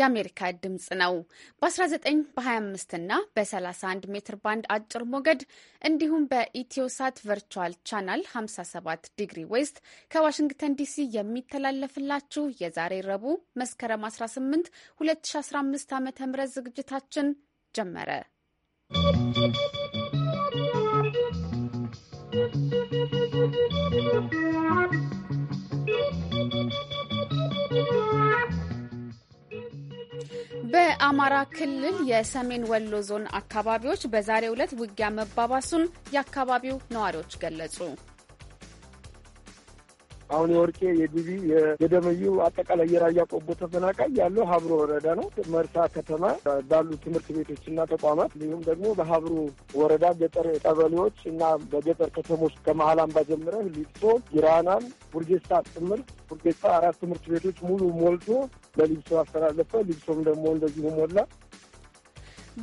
የአሜሪካ ድምፅ ነው። በ19 በ25 እና በ31 ሜትር ባንድ አጭር ሞገድ እንዲሁም በኢትዮሳት ቨርቹዋል ቻናል 57 ዲግሪ ዌስት ከዋሽንግተን ዲሲ የሚተላለፍላችሁ የዛሬ ረቡዕ መስከረም 18 2015 ዓ ም ዝግጅታችን ጀመረ። ¶¶ በአማራ ክልል የሰሜን ወሎ ዞን አካባቢዎች በዛሬው ዕለት ውጊያ መባባሱን የአካባቢው ነዋሪዎች ገለጹ። አሁን የወርቄ የዲቪ የደመዩ አጠቃላይ የራያ ቆቦ ተፈናቃይ ያለው ሀብሮ ወረዳ ነው። መርሳ ከተማ ባሉ ትምህርት ቤቶች እና ተቋማት እንዲሁም ደግሞ በሀብሮ ወረዳ ገጠር ቀበሌዎች እና በገጠር ከተሞች ከመሀል አምባ ጀምረህ ሊጦ፣ ጊራናን፣ ቡርጌሳ ጥምር ቡርጌሳ አራት ትምህርት ቤቶች ሙሉ ሞልቶ ለሊብሶ አስተላለፈ። ሊብሶም ደግሞ እንደዚሁ ሞላ።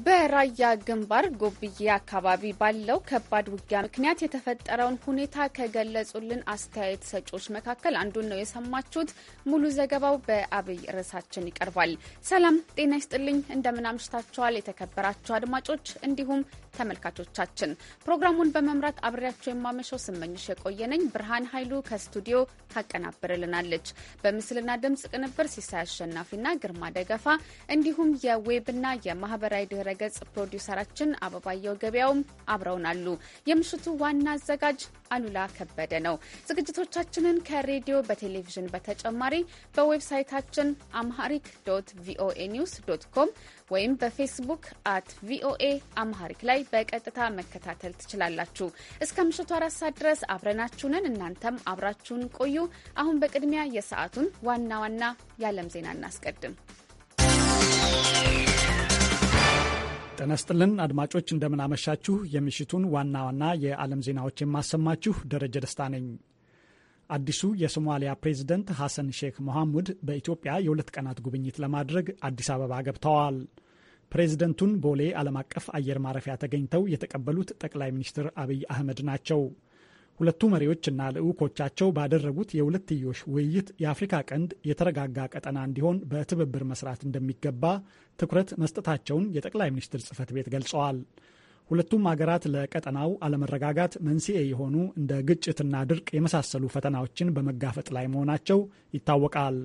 በራያ ግንባር ጎብዬ አካባቢ ባለው ከባድ ውጊያ ምክንያት የተፈጠረውን ሁኔታ ከገለጹልን አስተያየት ሰጪዎች መካከል አንዱን ነው የሰማችሁት። ሙሉ ዘገባው በአብይ ርዕሳችን ይቀርባል። ሰላም ጤና ይስጥልኝ፣ እንደምን አምሽታችኋል የተከበራችሁ አድማጮች እንዲሁም ተመልካቾቻችን። ፕሮግራሙን በመምራት አብሬያቸው የማመሸው ስመኝሽ የቆየነኝ። ብርሃን ኃይሉ ከስቱዲዮ ታቀናብርልናለች። በምስልና ድምፅ ቅንብር ሲሳይ አሸናፊና ግርማ ደገፋ እንዲሁም የዌብና የማህበራዊ ድህረ ድረገጽ ፕሮዲውሰራችን አበባየው ገበያውም አብረውን አሉ። የምሽቱ ዋና አዘጋጅ አሉላ ከበደ ነው። ዝግጅቶቻችንን ከሬዲዮ በቴሌቪዥን በተጨማሪ በዌብሳይታችን አምሃሪክ ዶት ቪኦኤ ኒውስ ዶት ኮም ወይም በፌስቡክ አት ቪኦኤ አምሃሪክ ላይ በቀጥታ መከታተል ትችላላችሁ። እስከ ምሽቱ አራት ሰዓት ድረስ አብረናችሁንን እናንተም አብራችሁን ቆዩ። አሁን በቅድሚያ የሰዓቱን ዋና ዋና የዓለም ዜና እናስቀድም። ጠነስጥልን አድማጮች፣ እንደምናመሻችሁ። የምሽቱን ዋና ዋና የዓለም ዜናዎች የማሰማችሁ ደረጀ ደስታ ነኝ። አዲሱ የሶማሊያ ፕሬዝደንት ሐሰን ሼክ መሐሙድ በኢትዮጵያ የሁለት ቀናት ጉብኝት ለማድረግ አዲስ አበባ ገብተዋል። ፕሬዚደንቱን ቦሌ ዓለም አቀፍ አየር ማረፊያ ተገኝተው የተቀበሉት ጠቅላይ ሚኒስትር አብይ አህመድ ናቸው። ሁለቱ መሪዎችና ልዑኮቻቸው ባደረጉት የሁለትዮሽ ውይይት የአፍሪካ ቀንድ የተረጋጋ ቀጠና እንዲሆን በትብብር መስራት እንደሚገባ ትኩረት መስጠታቸውን የጠቅላይ ሚኒስትር ጽህፈት ቤት ገልጸዋል። ሁለቱም አገራት ለቀጠናው አለመረጋጋት መንስኤ የሆኑ እንደ ግጭትና ድርቅ የመሳሰሉ ፈተናዎችን በመጋፈጥ ላይ መሆናቸው ይታወቃል።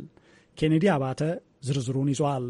ኬኔዲ አባተ ዝርዝሩን ይዟል።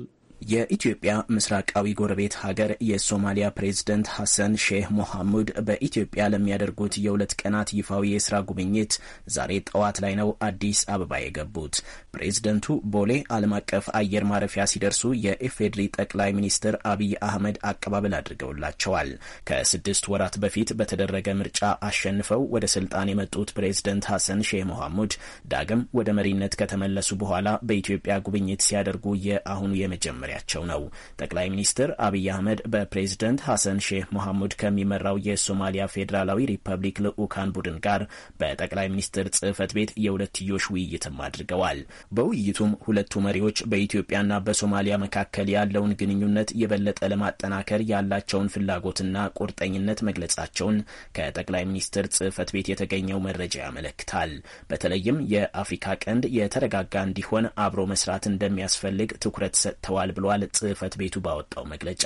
የኢትዮጵያ ምስራቃዊ ጎረቤት ሀገር የሶማሊያ ፕሬዝደንት ሐሰን ሼህ ሞሐሙድ በኢትዮጵያ ለሚያደርጉት የሁለት ቀናት ይፋዊ የስራ ጉብኝት ዛሬ ጠዋት ላይ ነው አዲስ አበባ የገቡት። ፕሬዝደንቱ ቦሌ ዓለም አቀፍ አየር ማረፊያ ሲደርሱ የኢፌዴሪ ጠቅላይ ሚኒስትር አብይ አህመድ አቀባበል አድርገውላቸዋል። ከስድስት ወራት በፊት በተደረገ ምርጫ አሸንፈው ወደ ስልጣን የመጡት ፕሬዝደንት ሐሰን ሼህ ሞሐሙድ ዳግም ወደ መሪነት ከተመለሱ በኋላ በኢትዮጵያ ጉብኝት ሲያደርጉ የአሁኑ የመጀመሪያ መመሪያቸው ነው። ጠቅላይ ሚኒስትር አብይ አህመድ በፕሬዝደንት ሐሰን ሼህ ሞሐሙድ ከሚመራው የሶማሊያ ፌዴራላዊ ሪፐብሊክ ልዑካን ቡድን ጋር በጠቅላይ ሚኒስትር ጽህፈት ቤት የሁለትዮሽ ውይይትም አድርገዋል። በውይይቱም ሁለቱ መሪዎች በኢትዮጵያና በሶማሊያ መካከል ያለውን ግንኙነት የበለጠ ለማጠናከር ያላቸውን ፍላጎትና ቁርጠኝነት መግለጻቸውን ከጠቅላይ ሚኒስትር ጽህፈት ቤት የተገኘው መረጃ ያመለክታል። በተለይም የአፍሪካ ቀንድ የተረጋጋ እንዲሆን አብሮ መስራት እንደሚያስፈልግ ትኩረት ሰጥተዋል ብሏል ጽህፈት ቤቱ ባወጣው መግለጫ።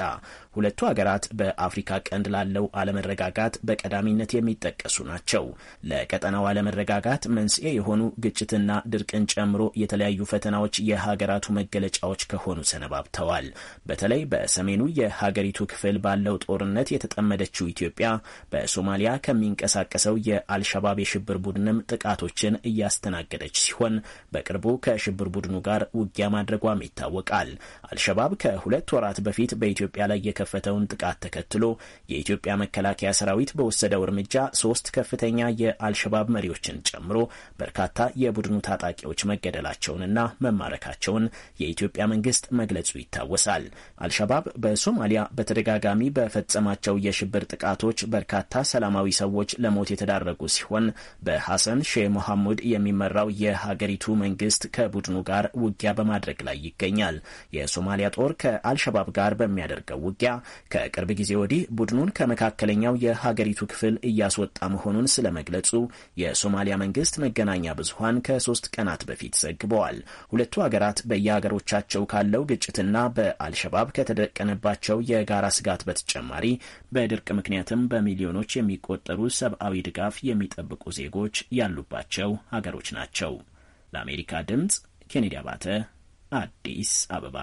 ሁለቱ ሀገራት በአፍሪካ ቀንድ ላለው አለመረጋጋት በቀዳሚነት የሚጠቀሱ ናቸው። ለቀጠናው አለመረጋጋት መንስኤ የሆኑ ግጭትና ድርቅን ጨምሮ የተለያዩ ፈተናዎች የሀገራቱ መገለጫዎች ከሆኑ ሰነባብተዋል። በተለይ በሰሜኑ የሀገሪቱ ክፍል ባለው ጦርነት የተጠመደችው ኢትዮጵያ በሶማሊያ ከሚንቀሳቀሰው የአልሸባብ የሽብር ቡድንም ጥቃቶችን እያስተናገደች ሲሆን በቅርቡ ከሽብር ቡድኑ ጋር ውጊያ ማድረጓም ይታወቃል። አልሸባብ ከሁለት ወራት በፊት በኢትዮጵያ ላይ የከ የተከፈተውን ጥቃት ተከትሎ የኢትዮጵያ መከላከያ ሰራዊት በወሰደው እርምጃ ሶስት ከፍተኛ የአልሸባብ መሪዎችን ጨምሮ በርካታ የቡድኑ ታጣቂዎች መገደላቸውንና መማረካቸውን የኢትዮጵያ መንግስት መግለጹ ይታወሳል። አልሸባብ በሶማሊያ በተደጋጋሚ በፈጸማቸው የሽብር ጥቃቶች በርካታ ሰላማዊ ሰዎች ለሞት የተዳረጉ ሲሆን በሐሰን ሼህ መሐሙድ የሚመራው የሀገሪቱ መንግስት ከቡድኑ ጋር ውጊያ በማድረግ ላይ ይገኛል። የሶማሊያ ጦር ከአልሸባብ ጋር በሚያደርገው ውጊያ ከቅርብ ጊዜ ወዲህ ቡድኑን ከመካከለኛው የሀገሪቱ ክፍል እያስወጣ መሆኑን ስለመግለጹ የሶማሊያ መንግስት መገናኛ ብዙኃን ከሶስት ቀናት በፊት ዘግበዋል። ሁለቱ ሀገራት በየሀገሮቻቸው ካለው ግጭትና በአልሸባብ ከተደቀነባቸው የጋራ ስጋት በተጨማሪ በድርቅ ምክንያትም በሚሊዮኖች የሚቆጠሩ ሰብአዊ ድጋፍ የሚጠብቁ ዜጎች ያሉባቸው ሀገሮች ናቸው። ለአሜሪካ ድምጽ ኬኔዲ አባተ አዲስ አበባ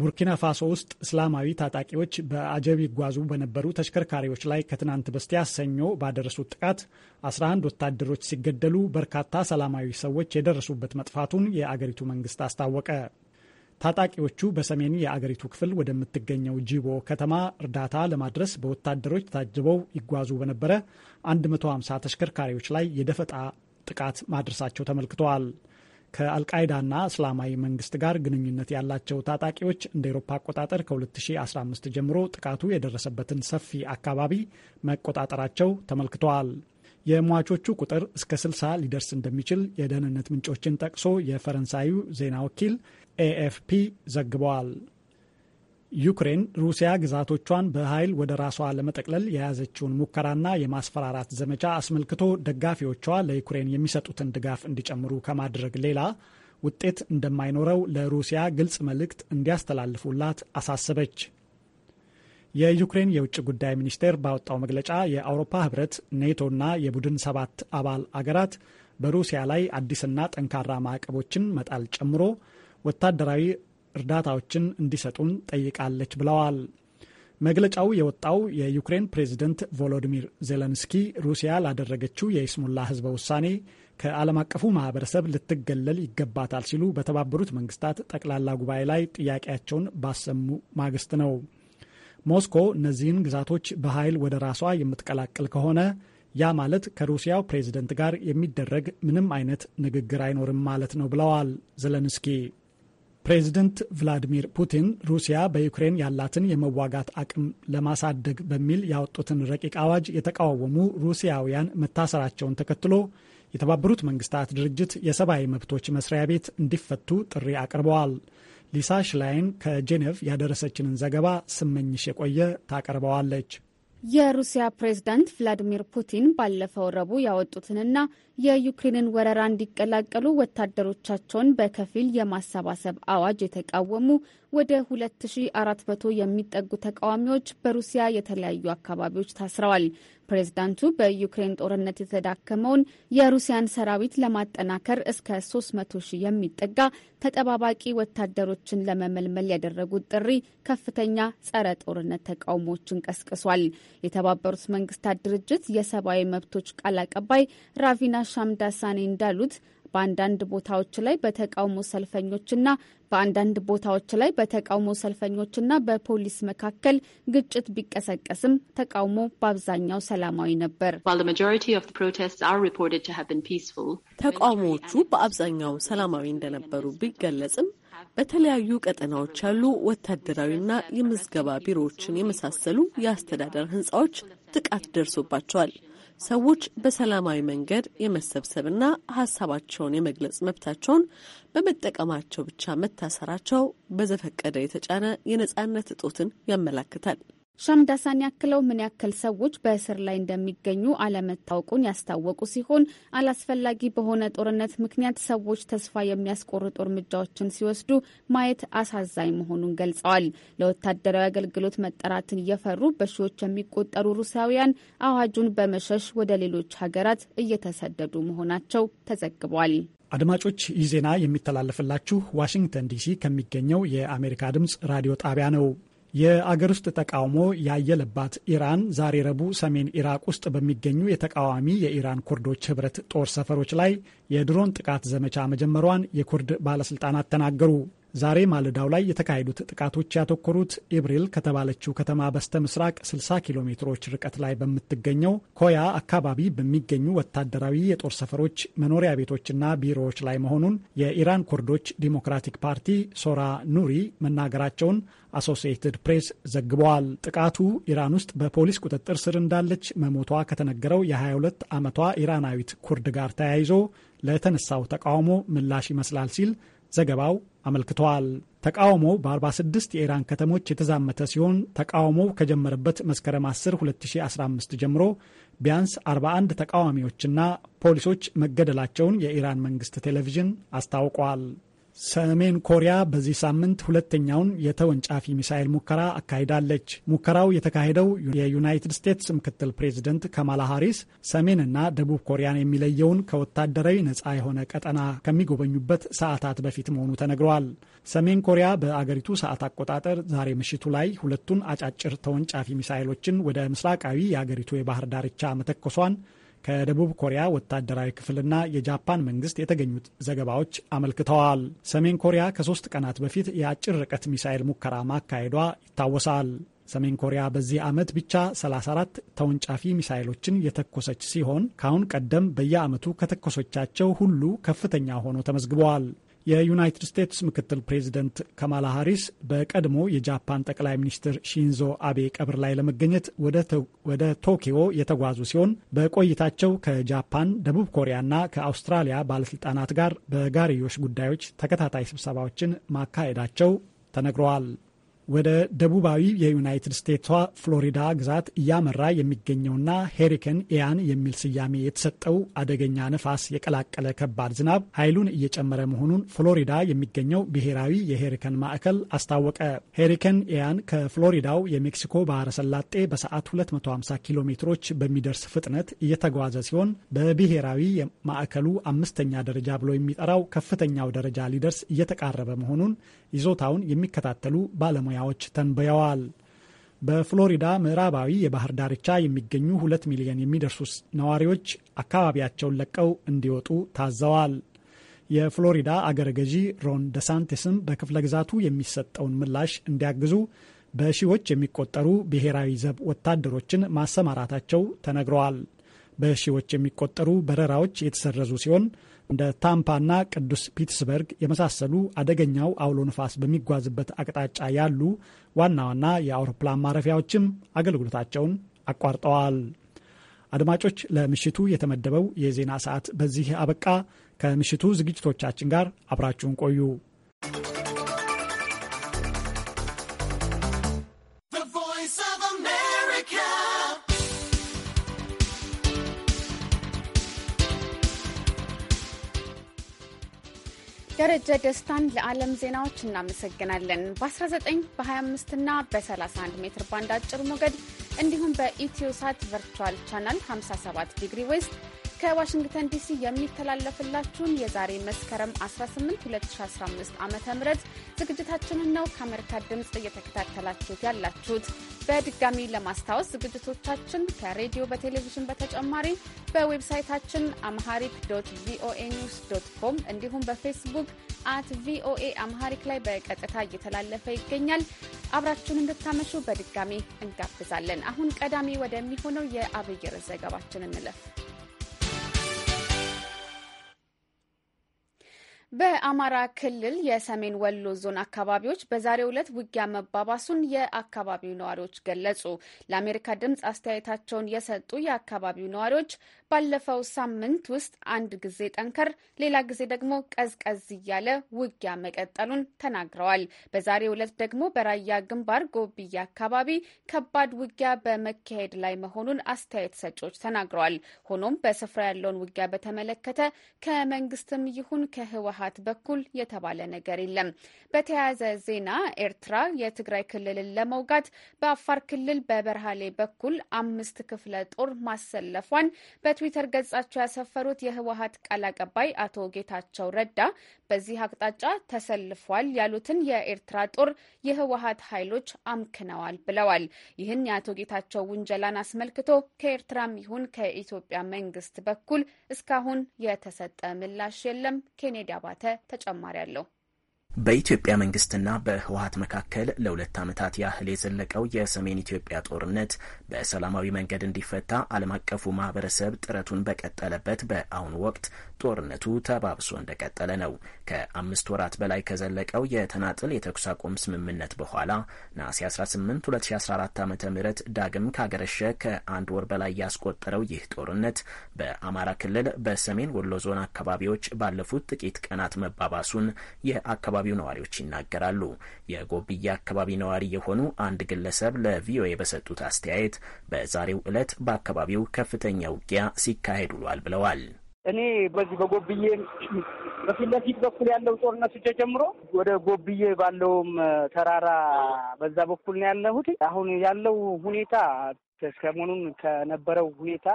ቡርኪና ፋሶ ውስጥ እስላማዊ ታጣቂዎች በአጀብ ይጓዙ በነበሩ ተሽከርካሪዎች ላይ ከትናንት በስቲያ ሰኞ ባደረሱት ጥቃት 11 ወታደሮች ሲገደሉ በርካታ ሰላማዊ ሰዎች የደረሱበት መጥፋቱን የአገሪቱ መንግስት አስታወቀ። ታጣቂዎቹ በሰሜን የአገሪቱ ክፍል ወደምትገኘው ጂቦ ከተማ እርዳታ ለማድረስ በወታደሮች ታጅበው ይጓዙ በነበረ 150 ተሽከርካሪዎች ላይ የደፈጣ ጥቃት ማድረሳቸው ተመልክተዋል። ከአልቃይዳና እስላማዊ መንግስት ጋር ግንኙነት ያላቸው ታጣቂዎች እንደ ኤሮፓ አቆጣጠር ከ2015 ጀምሮ ጥቃቱ የደረሰበትን ሰፊ አካባቢ መቆጣጠራቸው ተመልክተዋል። የሟቾቹ ቁጥር እስከ 60 ሊደርስ እንደሚችል የደህንነት ምንጮችን ጠቅሶ የፈረንሳዩ ዜና ወኪል ኤኤፍፒ ዘግበዋል። ዩክሬን ሩሲያ ግዛቶቿን በኃይል ወደ ራሷ ለመጠቅለል የያዘችውን ሙከራና የማስፈራራት ዘመቻ አስመልክቶ ደጋፊዎቿ ለዩክሬን የሚሰጡትን ድጋፍ እንዲጨምሩ ከማድረግ ሌላ ውጤት እንደማይኖረው ለሩሲያ ግልጽ መልእክት እንዲያስተላልፉላት አሳሰበች። የዩክሬን የውጭ ጉዳይ ሚኒስቴር ባወጣው መግለጫ የአውሮፓ ህብረት፣ ኔቶና የቡድን ሰባት አባል አገራት በሩሲያ ላይ አዲስና ጠንካራ ማዕቀቦችን መጣል ጨምሮ ወታደራዊ እርዳታዎችን እንዲሰጡን ጠይቃለች ብለዋል። መግለጫው የወጣው የዩክሬን ፕሬዝደንት ቮሎዲሚር ዜለንስኪ ሩሲያ ላደረገችው የይስሙላ ህዝበ ውሳኔ ከዓለም አቀፉ ማህበረሰብ ልትገለል ይገባታል ሲሉ በተባበሩት መንግስታት ጠቅላላ ጉባኤ ላይ ጥያቄያቸውን ባሰሙ ማግስት ነው። ሞስኮ እነዚህን ግዛቶች በኃይል ወደ ራሷ የምትቀላቅል ከሆነ ያ ማለት ከሩሲያው ፕሬዝደንት ጋር የሚደረግ ምንም አይነት ንግግር አይኖርም ማለት ነው ብለዋል ዘለንስኪ። ፕሬዚደንት ቭላዲሚር ፑቲን ሩሲያ በዩክሬን ያላትን የመዋጋት አቅም ለማሳደግ በሚል ያወጡትን ረቂቅ አዋጅ የተቃወሙ ሩሲያውያን መታሰራቸውን ተከትሎ የተባበሩት መንግስታት ድርጅት የሰብአዊ መብቶች መስሪያ ቤት እንዲፈቱ ጥሪ አቅርበዋል። ሊሳ ሽላይን ከጄኔቭ ያደረሰችንን ዘገባ ስመኝሽ የቆየ ታቀርበዋለች። የሩሲያ ፕሬዝዳንት ቭላዲሚር ፑቲን ባለፈው ረቡዕ ያወጡትንና የዩክሬንን ወረራ እንዲቀላቀሉ ወታደሮቻቸውን በከፊል የማሰባሰብ አዋጅ የተቃወሙ ወደ 2400 የሚጠጉ ተቃዋሚዎች በሩሲያ የተለያዩ አካባቢዎች ታስረዋል። ፕሬዚዳንቱ በዩክሬን ጦርነት የተዳከመውን የሩሲያን ሰራዊት ለማጠናከር እስከ 300 ሺህ የሚጠጋ ተጠባባቂ ወታደሮችን ለመመልመል ያደረጉት ጥሪ ከፍተኛ ጸረ ጦርነት ተቃውሞዎችን ቀስቅሷል። የተባበሩት መንግስታት ድርጅት የሰብአዊ መብቶች ቃል አቀባይ ራቪና አሻም ዳሳኔ እንዳሉት በአንዳንድ ቦታዎች ላይ በተቃውሞ ሰልፈኞችና በአንዳንድ ቦታዎች ላይ በተቃውሞ ሰልፈኞችና በፖሊስ መካከል ግጭት ቢቀሰቀስም ተቃውሞ በአብዛኛው ሰላማዊ ነበር። ተቃውሞዎቹ በአብዛኛው ሰላማዊ እንደነበሩ ቢገለጽም በተለያዩ ቀጠናዎች ያሉ ወታደራዊና የምዝገባ ቢሮዎችን የመሳሰሉ የአስተዳደር ህንፃዎች ጥቃት ደርሶባቸዋል። ሰዎች በሰላማዊ መንገድ የመሰብሰብና ሀሳባቸውን የመግለጽ መብታቸውን በመጠቀማቸው ብቻ መታሰራቸው በዘፈቀደ የተጫነ የነጻነት እጦትን ያመላክታል። ሻምዳሳን ያክለው ምን ያክል ሰዎች በእስር ላይ እንደሚገኙ አለመታወቁን ያስታወቁ ሲሆን አላስፈላጊ በሆነ ጦርነት ምክንያት ሰዎች ተስፋ የሚያስቆርጡ እርምጃዎችን ሲወስዱ ማየት አሳዛኝ መሆኑን ገልጸዋል። ለወታደራዊ አገልግሎት መጠራትን እየፈሩ በሺዎች የሚቆጠሩ ሩሲያውያን አዋጁን በመሸሽ ወደ ሌሎች ሀገራት እየተሰደዱ መሆናቸው ተዘግቧል። አድማጮች ይህ ዜና የሚተላለፍላችሁ ዋሽንግተን ዲሲ ከሚገኘው የአሜሪካ ድምፅ ራዲዮ ጣቢያ ነው። የአገር ውስጥ ተቃውሞ ያየለባት ኢራን ዛሬ ረቡዕ ሰሜን ኢራቅ ውስጥ በሚገኙ የተቃዋሚ የኢራን ኩርዶች ህብረት ጦር ሰፈሮች ላይ የድሮን ጥቃት ዘመቻ መጀመሯን የኩርድ ባለስልጣናት ተናገሩ። ዛሬ ማለዳው ላይ የተካሄዱት ጥቃቶች ያተኮሩት ኢብሪል ከተባለችው ከተማ በስተ ምስራቅ 60 ኪሎ ሜትሮች ርቀት ላይ በምትገኘው ኮያ አካባቢ በሚገኙ ወታደራዊ የጦር ሰፈሮች፣ መኖሪያ ቤቶችና ቢሮዎች ላይ መሆኑን የኢራን ኩርዶች ዲሞክራቲክ ፓርቲ ሶራ ኑሪ መናገራቸውን አሶሲኤትድ ፕሬስ ዘግበዋል። ጥቃቱ ኢራን ውስጥ በፖሊስ ቁጥጥር ስር እንዳለች መሞቷ ከተነገረው የ22 ዓመቷ ኢራናዊት ኩርድ ጋር ተያይዞ ለተነሳው ተቃውሞ ምላሽ ይመስላል ሲል ዘገባው አመልክተዋል። ተቃውሞው በ46 የኢራን ከተሞች የተዛመተ ሲሆን ተቃውሞው ከጀመረበት መስከረም 10 2015 ጀምሮ ቢያንስ 41 ተቃዋሚዎችና ፖሊሶች መገደላቸውን የኢራን መንግስት ቴሌቪዥን አስታውቋል። ሰሜን ኮሪያ በዚህ ሳምንት ሁለተኛውን የተወንጫፊ ሚሳኤል ሙከራ አካሂዳለች። ሙከራው የተካሄደው የዩናይትድ ስቴትስ ምክትል ፕሬዚደንት ከማላ ሃሪስ ሰሜንና ደቡብ ኮሪያን የሚለየውን ከወታደራዊ ነፃ የሆነ ቀጠና ከሚጎበኙበት ሰዓታት በፊት መሆኑ ተነግረዋል። ሰሜን ኮሪያ በአገሪቱ ሰዓት አቆጣጠር ዛሬ ምሽቱ ላይ ሁለቱን አጫጭር ተወንጫፊ ሚሳኤሎችን ወደ ምስራቃዊ የአገሪቱ የባህር ዳርቻ መተኮሷን ከደቡብ ኮሪያ ወታደራዊ ክፍልና የጃፓን መንግስት የተገኙት ዘገባዎች አመልክተዋል። ሰሜን ኮሪያ ከሶስት ቀናት በፊት የአጭር ርቀት ሚሳኤል ሙከራ ማካሄዷ ይታወሳል። ሰሜን ኮሪያ በዚህ ዓመት ብቻ 34 ተወንጫፊ ሚሳይሎችን የተኮሰች ሲሆን ከአሁን ቀደም በየዓመቱ ከተኮሶቻቸው ሁሉ ከፍተኛ ሆኖ ተመዝግበዋል። የዩናይትድ ስቴትስ ምክትል ፕሬዚደንት ካማላ ሃሪስ በቀድሞ የጃፓን ጠቅላይ ሚኒስትር ሺንዞ አቤ ቀብር ላይ ለመገኘት ወደ ቶኪዮ የተጓዙ ሲሆን በቆይታቸው ከጃፓን፣ ደቡብ ኮሪያና ከአውስትራሊያ ባለስልጣናት ጋር በጋርዮሽ ጉዳዮች ተከታታይ ስብሰባዎችን ማካሄዳቸው ተነግረዋል። ወደ ደቡባዊ የዩናይትድ ስቴትሷ ፍሎሪዳ ግዛት እያመራ የሚገኘውና ሄሪከን ኢያን የሚል ስያሜ የተሰጠው አደገኛ ነፋስ የቀላቀለ ከባድ ዝናብ ኃይሉን እየጨመረ መሆኑን ፍሎሪዳ የሚገኘው ብሔራዊ የሄሪከን ማዕከል አስታወቀ። ሄሪከን ኢያን ከፍሎሪዳው የሜክሲኮ ባህረ ሰላጤ በሰዓት 250 ኪሎ ሜትሮች በሚደርስ ፍጥነት እየተጓዘ ሲሆን በብሔራዊ ማዕከሉ አምስተኛ ደረጃ ብሎ የሚጠራው ከፍተኛው ደረጃ ሊደርስ እየተቃረበ መሆኑን ይዞታውን የሚከታተሉ ባለሙያ ባለሙያዎች ተንብየዋል። በፍሎሪዳ ምዕራባዊ የባህር ዳርቻ የሚገኙ ሁለት ሚሊዮን የሚደርሱ ነዋሪዎች አካባቢያቸውን ለቀው እንዲወጡ ታዘዋል። የፍሎሪዳ አገረ ገዢ ሮን ደሳንቴስም በክፍለ ግዛቱ የሚሰጠውን ምላሽ እንዲያግዙ በሺዎች የሚቆጠሩ ብሔራዊ ዘብ ወታደሮችን ማሰማራታቸው ተነግረዋል። በሺዎች የሚቆጠሩ በረራዎች የተሰረዙ ሲሆን እንደ ታምፓና ቅዱስ ፒትስበርግ የመሳሰሉ አደገኛው አውሎ ንፋስ በሚጓዝበት አቅጣጫ ያሉ ዋና ዋና የአውሮፕላን ማረፊያዎችም አገልግሎታቸውን አቋርጠዋል። አድማጮች፣ ለምሽቱ የተመደበው የዜና ሰዓት በዚህ አበቃ። ከምሽቱ ዝግጅቶቻችን ጋር አብራችሁን ቆዩ። ደረጀ ደስታን ለዓለም ዜናዎች እናመሰግናለን። በ19 በ25 እና በ31 ሜትር ባንድ አጭር ሞገድ እንዲሁም በኢትዮሳት ቨርቹዋል ቻናል 57 ዲግሪ ዌስት ከዋሽንግተን ዲሲ የሚተላለፍላችሁን የዛሬ መስከረም 18 2015 ዓ ም ዝግጅታችንን ነው ከአሜሪካ ድምፅ እየተከታተላችሁት ያላችሁት። በድጋሚ ለማስታወስ ዝግጅቶቻችን ከሬዲዮ በቴሌቪዥን በተጨማሪ በዌብሳይታችን አምሃሪክ ዶት ቪኦኤ ኒውስ ዶት ኮም እንዲሁም በፌስቡክ አት ቪኦኤ አምሃሪክ ላይ በቀጥታ እየተላለፈ ይገኛል። አብራችሁን እንድታመሹ በድጋሚ እንጋብዛለን። አሁን ቀዳሚ ወደሚሆነው የአብይር ዘገባችን እንለፍ። በአማራ ክልል የሰሜን ወሎ ዞን አካባቢዎች በዛሬው ዕለት ውጊያ መባባሱን የአካባቢው ነዋሪዎች ገለጹ። ለአሜሪካ ድምፅ አስተያየታቸውን የሰጡ የአካባቢው ነዋሪዎች ባለፈው ሳምንት ውስጥ አንድ ጊዜ ጠንከር፣ ሌላ ጊዜ ደግሞ ቀዝቀዝ እያለ ውጊያ መቀጠሉን ተናግረዋል። በዛሬው ዕለት ደግሞ በራያ ግንባር ጎብያ አካባቢ ከባድ ውጊያ በመካሄድ ላይ መሆኑን አስተያየት ሰጪዎች ተናግረዋል። ሆኖም በስፍራ ያለውን ውጊያ በተመለከተ ከመንግስትም ይሁን ከህወሀት በኩል የተባለ ነገር የለም። በተያያዘ ዜና ኤርትራ የትግራይ ክልልን ለመውጋት በአፋር ክልል በበርሃሌ በኩል አምስት ክፍለ ጦር ማሰለፏን በትዊተር ገጻቸው ያሰፈሩት የህወሀት ቃል አቀባይ አቶ ጌታቸው ረዳ በዚህ አቅጣጫ ተሰልፏል ያሉትን የኤርትራ ጦር የህወሀት ኃይሎች አምክነዋል ብለዋል። ይህን የአቶ ጌታቸው ውንጀላን አስመልክቶ ከኤርትራም ይሁን ከኢትዮጵያ መንግስት በኩል እስካሁን የተሰጠ ምላሽ የለም። ኬኔዲ አባተ ተጨማሪ አለው። በኢትዮጵያ መንግስትና በህወሀት መካከል ለሁለት ዓመታት ያህል የዘለቀው የሰሜን ኢትዮጵያ ጦርነት በሰላማዊ መንገድ እንዲፈታ ዓለም አቀፉ ማህበረሰብ ጥረቱን በቀጠለበት በአሁኑ ወቅት ጦርነቱ ተባብሶ እንደቀጠለ ነው። ከአምስት ወራት በላይ ከዘለቀው የተናጥል የተኩስ አቁም ስምምነት በኋላ ነሐሴ 18 2014 ዓ ም ዳግም ካገረሸ ከአንድ ወር በላይ ያስቆጠረው ይህ ጦርነት በአማራ ክልል በሰሜን ወሎ ዞን አካባቢዎች ባለፉት ጥቂት ቀናት መባባሱን የአካባቢው ነዋሪዎች ይናገራሉ። የጎብያ አካባቢ ነዋሪ የሆኑ አንድ ግለሰብ ለቪኦኤ በሰጡት አስተያየት በዛሬው ዕለት በአካባቢው ከፍተኛ ውጊያ ሲካሄድ ውሏል ብለዋል። እኔ በዚህ በጎብዬ በፊት ለፊት በኩል ያለው ጦርነቱ ጀምሮ ወደ ጎብዬ ባለውም ተራራ በዛ በኩል ነው ያለሁት። አሁን ያለው ሁኔታ ሰሞኑን ከነበረው ሁኔታ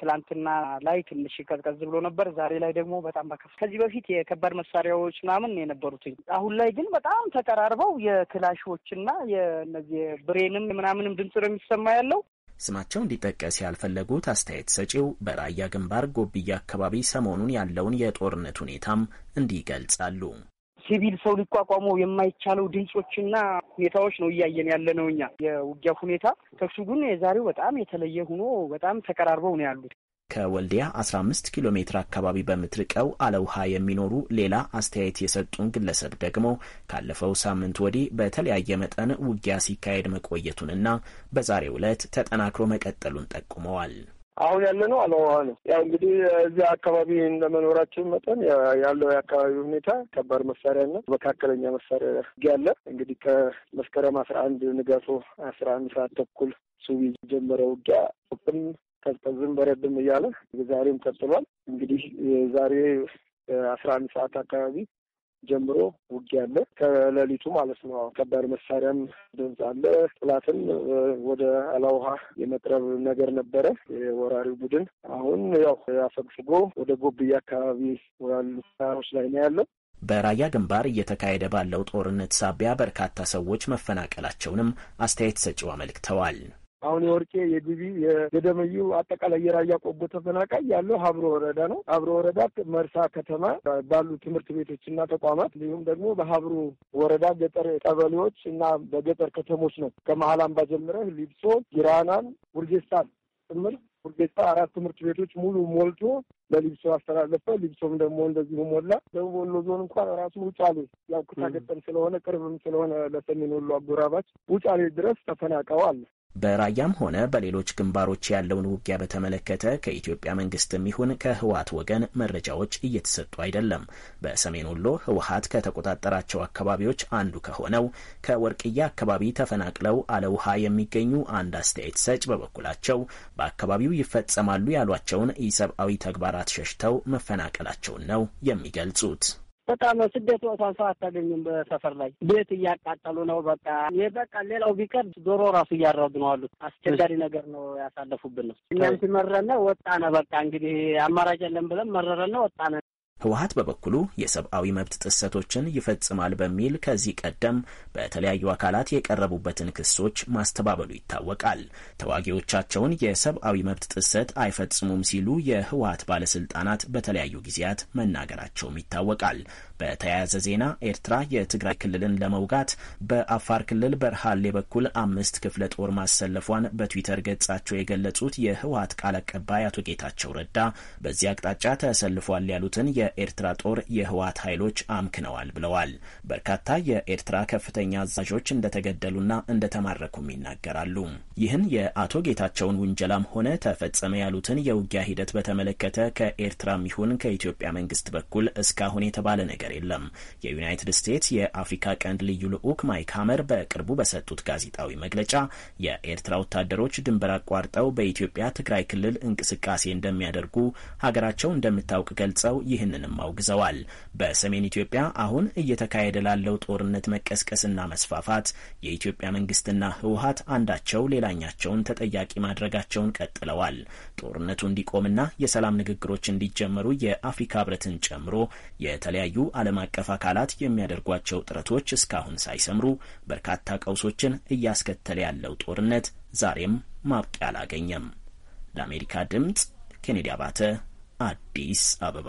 ትላንትና ላይ ትንሽ ቀዝቀዝ ብሎ ነበር። ዛሬ ላይ ደግሞ በጣም በከፍ ከዚህ በፊት የከባድ መሳሪያዎች ምናምን የነበሩት አሁን ላይ ግን በጣም ተቀራርበው የክላሾችና የነዚህ ብሬንም ምናምንም ድምፅ ነው የሚሰማ ያለው። ስማቸው እንዲጠቀስ ያልፈለጉት አስተያየት ሰጪው በራያ ግንባር ጎብያ አካባቢ ሰሞኑን ያለውን የጦርነት ሁኔታም እንዲህ ይገልጻሉ። ሲቪል ሰው ሊቋቋመው የማይቻለው ድምፆችና ሁኔታዎች ነው እያየን ያለ ነው። እኛ የውጊያ ሁኔታ ተኩሱ ግን የዛሬው በጣም የተለየ ሆኖ በጣም ተቀራርበው ነው ያሉት። ከወልዲያ 15 ኪሎ ሜትር አካባቢ በምትርቀው አለውሃ የሚኖሩ ሌላ አስተያየት የሰጡን ግለሰብ ደግሞ ካለፈው ሳምንት ወዲህ በተለያየ መጠን ውጊያ ሲካሄድ መቆየቱንና በዛሬው ዕለት ተጠናክሮ መቀጠሉን ጠቁመዋል። አሁን ያለ ነው አለውሃ ነው። ያው እንግዲህ እዚህ አካባቢ እንደመኖራችን መጠን ያለው የአካባቢ ሁኔታ ከባድ መሳሪያና መካከለኛ መሳሪያ ውጊያ አለ። እንግዲህ ከመስከረም አስራ አንድ ንጋቶ አስራ አንድ ሰዓት ተኩል ሱቢ ጀመረ ውጊያ ቁጥም ቀዝቀዝም በረድም እያለ ዛሬም ቀጥሏል። እንግዲህ ዛሬ አስራ አንድ ሰዓት አካባቢ ጀምሮ ውጊያ አለ። ከሌሊቱ ማለት ነው። ከባድ መሳሪያም ድምፅ አለ። ጥላትን ወደ አላውሃ የመቅረብ ነገር ነበረ የወራሪው ቡድን። አሁን ያው አፈግፍጎ ወደ ጎብያ አካባቢ ያሉ ተራሮች ላይ ነው ያለው። በራያ ግንባር እየተካሄደ ባለው ጦርነት ሳቢያ በርካታ ሰዎች መፈናቀላቸውንም አስተያየት ሰጪው አመልክተዋል። አሁን የወርቄ የግቢ የደመዩ አጠቃላይ የራያ ቆቦ ተፈናቃይ ያለው ሀብሮ ወረዳ ነው። ሀብሮ ወረዳ መርሳ ከተማ ባሉ ትምህርት ቤቶች እና ተቋማት እንዲሁም ደግሞ በሀብሮ ወረዳ ገጠር ቀበሌዎች እና በገጠር ከተሞች ነው። ከመሀል አምባ ጀምረህ ሊብሶ፣ ጊራናን፣ ውርጌስታን ጭምር ውርጌስታ አራት ትምህርት ቤቶች ሙሉ ሞልቶ ለሊብሶ አስተላለፈ። ሊብሶም ደግሞ እንደዚሁ ሞላ። ደቡብ ወሎ ዞን እንኳን ራሱ ውጫሌ ያው ኩታ ስለሆነ ቅርብም ስለሆነ ለሰሜን ወሎ አጎራባች ውጫሌ ድረስ ተፈናቀው አለ። በራያም ሆነ በሌሎች ግንባሮች ያለውን ውጊያ በተመለከተ ከኢትዮጵያ መንግስትም ይሁን ከህወሀት ወገን መረጃዎች እየተሰጡ አይደለም። በሰሜን ወሎ ህወሀት ከተቆጣጠራቸው አካባቢዎች አንዱ ከሆነው ከወርቅያ አካባቢ ተፈናቅለው አለውሃ የሚገኙ አንድ አስተያየት ሰጭ በበኩላቸው በአካባቢው ይፈጸማሉ ያሏቸውን ኢሰብአዊ ተግባራት ሸሽተው መፈናቀላቸውን ነው የሚገልጹት። በጣም ነው ስደት ወቷን ሰው አታገኝም። በሰፈር ላይ ቤት እያቃጠሉ ነው። በቃ ይህ በቃ ሌላው ቢቀር ዶሮ ራሱ እያረዱ ነው አሉት። አስቸጋሪ ነገር ነው ያሳለፉብን ነው። እኛም ሲመረነ ወጣነ። በቃ እንግዲህ አማራጭ የለም ብለን መረረነ ወጣነ። ህወሀት በበኩሉ የሰብአዊ መብት ጥሰቶችን ይፈጽማል በሚል ከዚህ ቀደም በተለያዩ አካላት የቀረቡበትን ክሶች ማስተባበሉ ይታወቃል። ተዋጊዎቻቸውን የሰብአዊ መብት ጥሰት አይፈጽሙም ሲሉ የህወሀት ባለስልጣናት በተለያዩ ጊዜያት መናገራቸውም ይታወቃል። በተያያዘ ዜና ኤርትራ የትግራይ ክልልን ለመውጋት በአፋር ክልል በርሃሌ በኩል አምስት ክፍለ ጦር ማሰለፏን በትዊተር ገጻቸው የገለጹት የህወሀት ቃል አቀባይ አቶ ጌታቸው ረዳ በዚህ አቅጣጫ ተሰልፏል ያሉትን የ የኤርትራ ጦር የህወሓት ኃይሎች አምክነዋል ብለዋል። በርካታ የኤርትራ ከፍተኛ አዛዦች እንደተገደሉና እንደተማረኩም ይናገራሉ። ይህን የአቶ ጌታቸውን ውንጀላም ሆነ ተፈጸመ ያሉትን የውጊያ ሂደት በተመለከተ ከኤርትራም ይሁን ከኢትዮጵያ መንግስት በኩል እስካሁን የተባለ ነገር የለም። የዩናይትድ ስቴትስ የአፍሪካ ቀንድ ልዩ ልዑክ ማይክ ሀመር በቅርቡ በሰጡት ጋዜጣዊ መግለጫ የኤርትራ ወታደሮች ድንበር አቋርጠው በኢትዮጵያ ትግራይ ክልል እንቅስቃሴ እንደሚያደርጉ ሀገራቸው እንደምታውቅ ገልጸው ይህንን መሆኑንም አውግዘዋል። በሰሜን ኢትዮጵያ አሁን እየተካሄደ ላለው ጦርነት መቀስቀስና መስፋፋት የኢትዮጵያ መንግስትና ህወሀት አንዳቸው ሌላኛቸውን ተጠያቂ ማድረጋቸውን ቀጥለዋል። ጦርነቱ እንዲቆምና የሰላም ንግግሮች እንዲጀመሩ የአፍሪካ ህብረትን ጨምሮ የተለያዩ ዓለም አቀፍ አካላት የሚያደርጓቸው ጥረቶች እስካሁን ሳይሰምሩ በርካታ ቀውሶችን እያስከተለ ያለው ጦርነት ዛሬም ማብቂያ አላገኘም። ለአሜሪካ ድምፅ ኬኔዲ አባተ አዲስ አበባ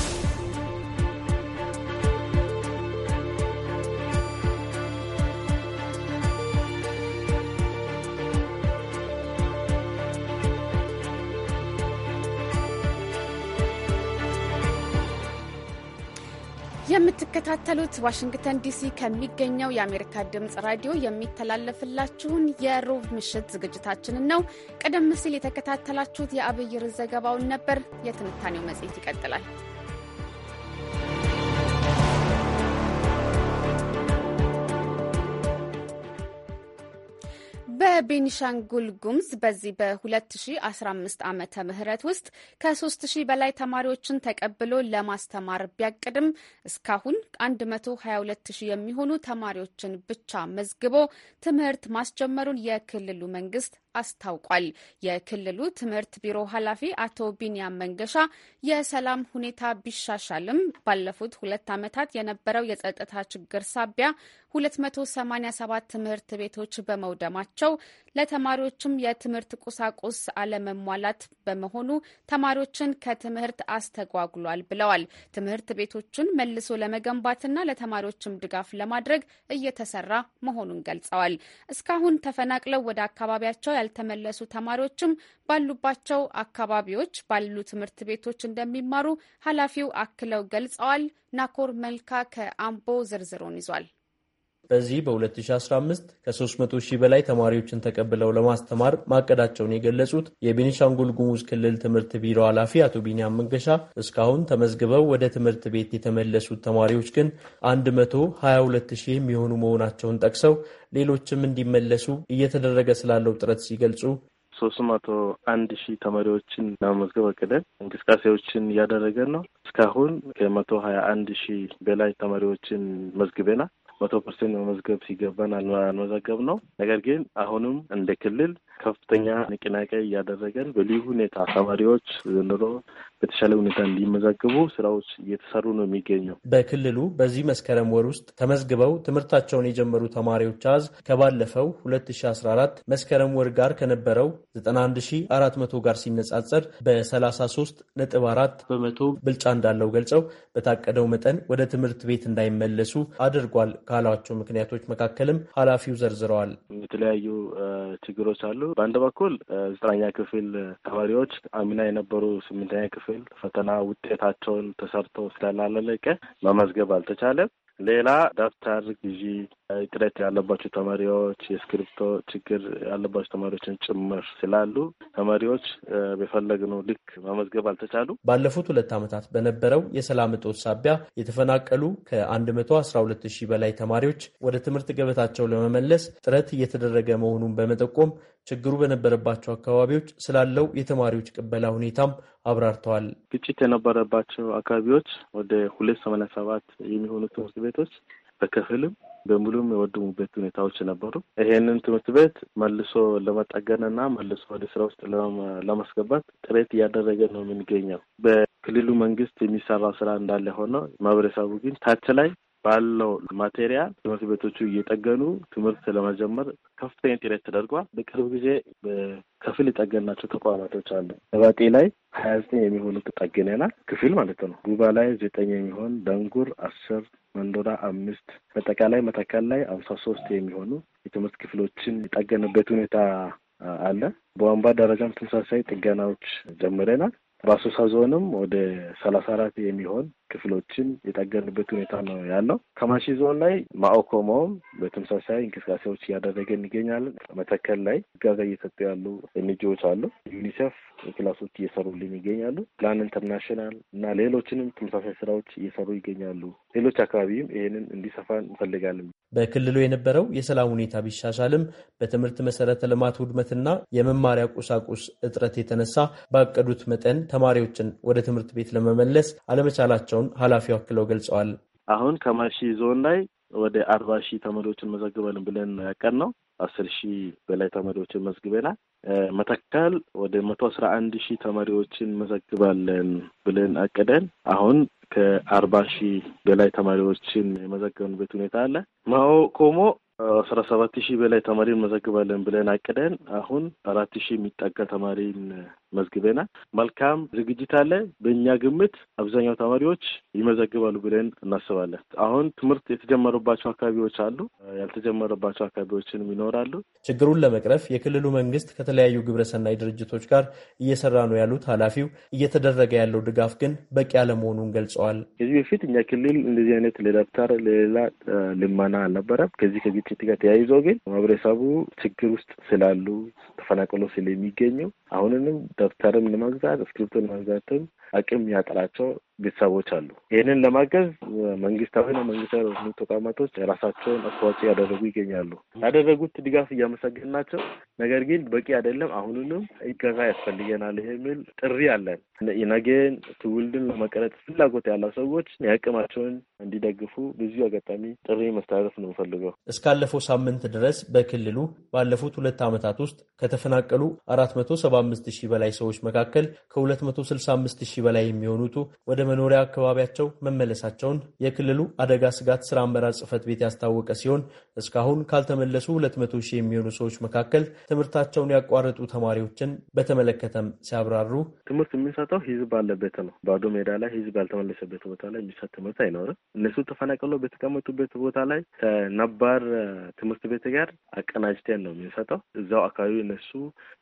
የምትከታተሉት ዋሽንግተን ዲሲ ከሚገኘው የአሜሪካ ድምፅ ራዲዮ የሚተላለፍላችሁን የሮብ ምሽት ዝግጅታችንን ነው። ቀደም ሲል የተከታተላችሁት የአብይር ዘገባውን ነበር። የትንታኔው መጽሔት ይቀጥላል። በቤኒሻንጉል ጉምዝ በዚህ በ2015 ዓመተ ምህረት ውስጥ ከ3000 በላይ ተማሪዎችን ተቀብሎ ለማስተማር ቢያቅድም እስካሁን 122000 የሚሆኑ ተማሪዎችን ብቻ መዝግቦ ትምህርት ማስጀመሩን የክልሉ መንግስት አስታውቋል። የክልሉ ትምህርት ቢሮ ኃላፊ አቶ ቢንያም መንገሻ የሰላም ሁኔታ ቢሻሻልም ባለፉት ሁለት ዓመታት የነበረው የጸጥታ ችግር ሳቢያ 287 ትምህርት ቤቶች በመውደማቸው ለተማሪዎችም የትምህርት ቁሳቁስ አለመሟላት በመሆኑ ተማሪዎችን ከትምህርት አስተጓጉሏል ብለዋል። ትምህርት ቤቶችን መልሶ ለመገንባትና ለተማሪዎችም ድጋፍ ለማድረግ እየተሰራ መሆኑን ገልጸዋል። እስካሁን ተፈናቅለው ወደ አካባቢያቸው ያልተመለሱ ተማሪዎችም ባሉባቸው አካባቢዎች ባሉ ትምህርት ቤቶች እንደሚማሩ ኃላፊው አክለው ገልጸዋል። ናኮር መልካ ከአምቦ ዝርዝሩን ይዟል። በዚህ በ2015 ከ300 ሺህ በላይ ተማሪዎችን ተቀብለው ለማስተማር ማቀዳቸውን የገለጹት የቤኒሻንጉል ጉሙዝ ክልል ትምህርት ቢሮ ኃላፊ አቶ ቢኒያም መንገሻ እስካሁን ተመዝግበው ወደ ትምህርት ቤት የተመለሱት ተማሪዎች ግን 122 ሺህ የሚሆኑ መሆናቸውን ጠቅሰው ሌሎችም እንዲመለሱ እየተደረገ ስላለው ጥረት ሲገልጹ ሶስት መቶ አንድ ሺህ ተማሪዎችን ለመመዝገብ አቅደን እንቅስቃሴዎችን እያደረገን ነው። እስካሁን ከመቶ ሀያ አንድ ሺህ በላይ ተማሪዎችን መዝግበናል። መቶ ፐርሰንት መመዝገብ ሲገባን አልመዘገብ ነው። ነገር ግን አሁንም እንደ ክልል ከፍተኛ ንቅናቄ እያደረገን በልዩ ሁኔታ ተማሪዎች ዘንድሮ በተሻለ ሁኔታ እንዲመዘግቡ ስራዎች እየተሰሩ ነው የሚገኘው። በክልሉ በዚህ መስከረም ወር ውስጥ ተመዝግበው ትምህርታቸውን የጀመሩ ተማሪዎች አዝ ከባለፈው 2014 መስከረም ወር ጋር ከነበረው 91400 ጋር ሲነጻጸር በ33 ነጥብ 4 በመቶ ብልጫ እንዳለው ገልጸው በታቀደው መጠን ወደ ትምህርት ቤት እንዳይመለሱ አድርጓል ካሏቸው ምክንያቶች መካከልም ኃላፊው ዘርዝረዋል። የተለያዩ ችግሮች አሉ። በአንድ በኩል ዘጠናኛ ክፍል ተማሪዎች አምና የነበሩ ስምንተኛ ክፍል ክፍል ፈተና ውጤታቸውን ተሰርቶ ስላላለቀ መመዝገብ አልተቻለም። ሌላ ደብተር ግዢ ጥረት ያለባቸው ተማሪዎች፣ የእስክሪብቶ ችግር ያለባቸው ተማሪዎችን ጭምር ስላሉ ተማሪዎች በፈለግነው ልክ መመዝገብ አልተቻሉ። ባለፉት ሁለት ዓመታት በነበረው የሰላም እጦት ሳቢያ የተፈናቀሉ ከ112 ሺህ በላይ ተማሪዎች ወደ ትምህርት ገበታቸው ለመመለስ ጥረት እየተደረገ መሆኑን በመጠቆም ችግሩ በነበረባቸው አካባቢዎች ስላለው የተማሪዎች ቅበላ ሁኔታም አብራርተዋል። ግጭት የነበረባቸው አካባቢዎች ወደ ሁለት ሰማንያ ሰባት የሚሆኑ ትምህርት ቤቶች በከፊልም በሙሉም የወደሙበት ሁኔታዎች ነበሩ። ይሄንን ትምህርት ቤት መልሶ ለመጠገንና መልሶ ወደ ስራ ውስጥ ለማስገባት ጥረት እያደረገ ነው የምንገኘው። በክልሉ መንግስት የሚሰራው ስራ እንዳለ ሆኖ ማህበረሰቡ ግን ታች ላይ ባለው ማቴሪያል ትምህርት ቤቶቹ እየጠገኑ ትምህርት ለመጀመር ከፍተኛ ጥረት ተደርጓል። በቅርብ ጊዜ ከፍል የጠገናቸው ተቋማቶች አሉ። ነባጤ ላይ ሀያ ዘጠኝ የሚሆኑ ጠግነናል፣ ክፍል ማለት ነው። ጉባ ላይ ዘጠኝ የሚሆን ደንጉር አስር መንዶራ አምስት በጠቃላይ መተከል ላይ አምሳ ሶስት የሚሆኑ የትምህርት ክፍሎችን የጠገንበት ሁኔታ አለ። በዋንባ ደረጃም ተመሳሳይ ጥገናዎች ጀምረናል። በአሶሳ ዞንም ወደ ሰላሳ አራት የሚሆን ክፍሎችን የጠገንበት ሁኔታ ነው ያለው። ከማሺ ዞን ላይ ማኦኮሞም በተመሳሳይ እንቅስቃሴዎች እያደረገ እንገኛለን። መተከል ላይ እገዛ እየሰጡ ያሉ ኤንጂኦዎች አሉ። ዩኒሴፍ ክላሶች እየሰሩልን ይገኛሉ። ፕላን ኢንተርናሽናል እና ሌሎችንም ተመሳሳይ ስራዎች እየሰሩ ይገኛሉ። ሌሎች አካባቢም ይህንን እንዲሰፋ እንፈልጋለን። በክልሉ የነበረው የሰላም ሁኔታ ቢሻሻልም በትምህርት መሰረተ ልማት ውድመትና የመማሪያ ቁሳቁስ እጥረት የተነሳ ባቀዱት መጠን ተማሪዎችን ወደ ትምህርት ቤት ለመመለስ አለመቻላቸውን ኃላፊው አክለው ገልጸዋል። አሁን ከማሺ ዞን ላይ ወደ አርባ ሺህ ተማሪዎችን መዘግበልን ብለን ያቀድ ነው አስር ሺህ በላይ ተማሪዎችን መዝግበናል። መተከል ወደ መቶ አስራ አንድ ሺህ ተማሪዎችን መዘግባለን ብለን አቅደን አሁን ከአርባ ሺህ በላይ ተማሪዎችን የመዘገብንበት ሁኔታ አለ። ማኦ ኮሞ አስራ ሰባት ሺህ በላይ ተማሪ እንመዘግባለን ብለን አቅደን አሁን አራት ሺህ የሚጠጋ ተማሪን መዝግበናል። መልካም ዝግጅት አለ። በእኛ ግምት አብዛኛው ተማሪዎች ይመዘግባሉ ብለን እናስባለን። አሁን ትምህርት የተጀመረባቸው አካባቢዎች አሉ፣ ያልተጀመረባቸው አካባቢዎችንም ይኖራሉ። ችግሩን ለመቅረፍ የክልሉ መንግስት ከተለያዩ ግብረሰናይ ድርጅቶች ጋር እየሰራ ነው ያሉት ኃላፊው፣ እየተደረገ ያለው ድጋፍ ግን በቂ አለመሆኑን ገልጸዋል። ከዚህ በፊት እኛ ክልል እንደዚህ አይነት ለዳብታር ለሌላ ልመና አልነበረም። ከዚህ ከዚህ ግጭት ጋር ተያይዞ ግን ማህበረሰቡ ችግር ውስጥ ስላሉ ተፈናቅሎ ስለሚገኙ አሁንንም ደብተርም ለመግዛት እስክሪፕቶን ለመግዛትም አቅም ያጠራቸው ቤተሰቦች አሉ። ይህንን ለማገዝ መንግስታዊና መንግስታዊ ያልሆኑ ተቋማቶች የራሳቸውን አስተዋጽኦ ያደረጉ ይገኛሉ። ያደረጉት ድጋፍ እያመሰገን ናቸው። ነገር ግን በቂ አይደለም። አሁኑንም እገዛ ያስፈልገናል የሚል ጥሪ አለን። የነገን ትውልድን ለመቀረጽ ፍላጎት ያላቸው ሰዎች የአቅማቸውን እንዲደግፉ ብዙ አጋጣሚ ጥሪ መስተላለፍ ነው ፈልገው እስካለፈው ሳምንት ድረስ በክልሉ ባለፉት ሁለት ዓመታት ውስጥ ከተፈናቀሉ 475 ሺህ በላይ ሰዎች መካከል ከ265 ሺህ በላይ የሚሆኑቱ ወደ መኖሪያ አካባቢያቸው መመለሳቸውን የክልሉ አደጋ ስጋት ስራ አመራር ጽህፈት ቤት ያስታወቀ ሲሆን እስካሁን ካልተመለሱ 200 ሺህ የሚሆኑ ሰዎች መካከል ትምህርታቸውን ያቋረጡ ተማሪዎችን በተመለከተም ሲያብራሩ ትምህርት የምንሰጠው ህዝብ አለበት ነው። ባዶ ሜዳ ላይ ህዝብ ያልተመለሰበት ቦታ ላይ የሚሰጥ ትምህርት አይኖርም። እነሱ ተፈናቅለው በተቀመጡበት ቦታ ላይ ከነባር ትምህርት ቤት ጋር አቀናጅተን ነው የምንሰጠው። እዛው አካባቢ እነሱ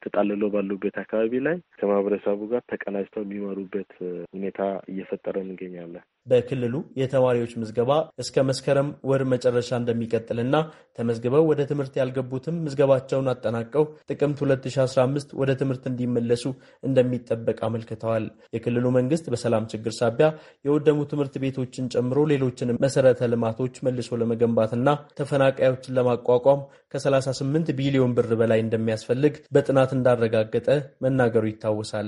ተጣልሎ ባሉበት አካባቢ ላይ ከማህበረሰቡ ጋር ተቀናጅተው የሚመሩበት የሚችሉበት ሁኔታ እየፈጠረ እንገኛለን። በክልሉ የተማሪዎች ምዝገባ እስከ መስከረም ወር መጨረሻ እንደሚቀጥልና ተመዝግበው ወደ ትምህርት ያልገቡትም ምዝገባቸውን አጠናቀው ጥቅምት 2015 ወደ ትምህርት እንዲመለሱ እንደሚጠበቅ አመልክተዋል። የክልሉ መንግስት በሰላም ችግር ሳቢያ የወደሙ ትምህርት ቤቶችን ጨምሮ ሌሎችን መሰረተ ልማቶች መልሶ ለመገንባትና ተፈናቃዮችን ለማቋቋም ከ38 ቢሊዮን ብር በላይ እንደሚያስፈልግ በጥናት እንዳረጋገጠ መናገሩ ይታወሳል።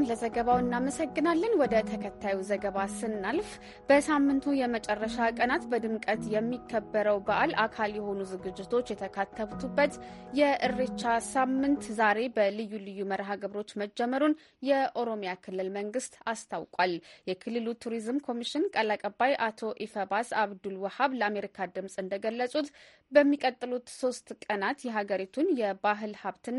ጌታን ለዘገባው እናመሰግናለን። ወደ ተከታዩ ዘገባ ስናልፍ በሳምንቱ የመጨረሻ ቀናት በድምቀት የሚከበረው በዓል አካል የሆኑ ዝግጅቶች የተካተቱበት የእሬቻ ሳምንት ዛሬ በልዩ ልዩ መርሃ ግብሮች መጀመሩን የኦሮሚያ ክልል መንግስት አስታውቋል። የክልሉ ቱሪዝም ኮሚሽን ቃል አቀባይ አቶ ኢፈባስ አብዱል ወሃብ ለአሜሪካ ድምፅ እንደገለጹት በሚቀጥሉት ሶስት ቀናት የሀገሪቱን የባህል ሀብትና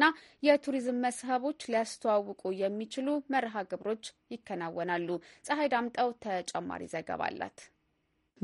የቱሪዝም መስህቦች ሊያስተዋውቁ የሚችሉ መርሃ ግብሮች ይከናወናሉ። ፀሐይ ዳምጠው ተጨማሪ ዘገባ አላት።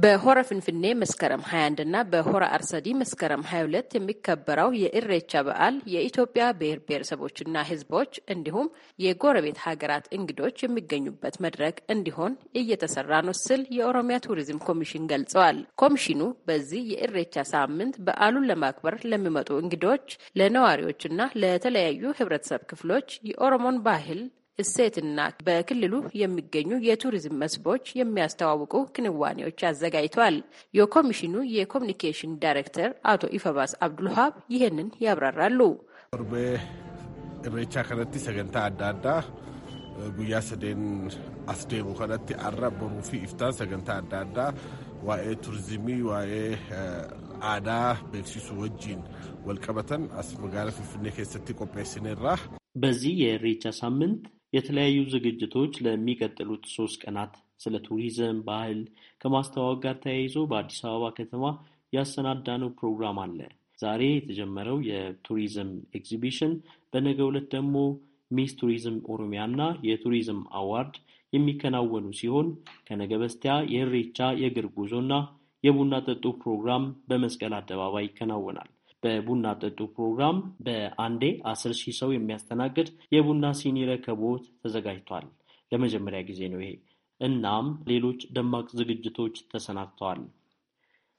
በሆረ ፍንፍኔ መስከረም 21 እና በሆረ አርሰዲ መስከረም 22 የሚከበረው የእሬቻ በዓል የኢትዮጵያ ብሔር ብሔረሰቦችና ሕዝቦች እንዲሁም የጎረቤት ሀገራት እንግዶች የሚገኙበት መድረክ እንዲሆን እየተሰራ ነው ስል የኦሮሚያ ቱሪዝም ኮሚሽን ገልጸዋል። ኮሚሽኑ በዚህ የእሬቻ ሳምንት በዓሉን ለማክበር ለሚመጡ እንግዶች፣ ለነዋሪዎችና ለተለያዩ ህብረተሰብ ክፍሎች የኦሮሞን ባህል እሴትና በክልሉ የሚገኙ የቱሪዝም መስህቦች የሚያስተዋውቁ ክንዋኔዎች አዘጋጅተዋል። የኮሚሽኑ የኮሚኒኬሽን ዳይሬክተር አቶ ኢፈባስ አብዱልሃብ ይህንን ያብራራሉ። ርቤ ኢሬቻ ከነቲ ሰገንታ አዳ አዳ ጉያ ሰዴን አስደሙ ከነቲ አራ በሩፊ ኢፍታን ሰገንታ አዳ አዳ ዋኤ ቱሪዝሚ ዋኤ አዳ ቤክሲሱ ወጂን ወልቀበተን አስ መጋለ ፍንፍኔ ኬሰቲ ቆጴሲኔራ በዚህ የኢሬቻ ሳምንት የተለያዩ ዝግጅቶች ለሚቀጥሉት ሶስት ቀናት ስለ ቱሪዝም ባህል ከማስተዋወቅ ጋር ተያይዞ በአዲስ አበባ ከተማ ያሰናዳነው ፕሮግራም አለ። ዛሬ የተጀመረው የቱሪዝም ኤግዚቢሽን በነገ ዕለት ደግሞ ሚስ ቱሪዝም ኦሮሚያ እና የቱሪዝም አዋርድ የሚከናወኑ ሲሆን ከነገ በስቲያ የእሬቻ የእግር ጉዞ እና የቡና ጠጡ ፕሮግራም በመስቀል አደባባይ ይከናወናል። በቡና ጠጡ ፕሮግራም በአንዴ አስር ሺህ ሰው የሚያስተናግድ የቡና ሲኒ ረከቦት ተዘጋጅቷል። ለመጀመሪያ ጊዜ ነው ይሄ። እናም ሌሎች ደማቅ ዝግጅቶች ተሰናድተዋል።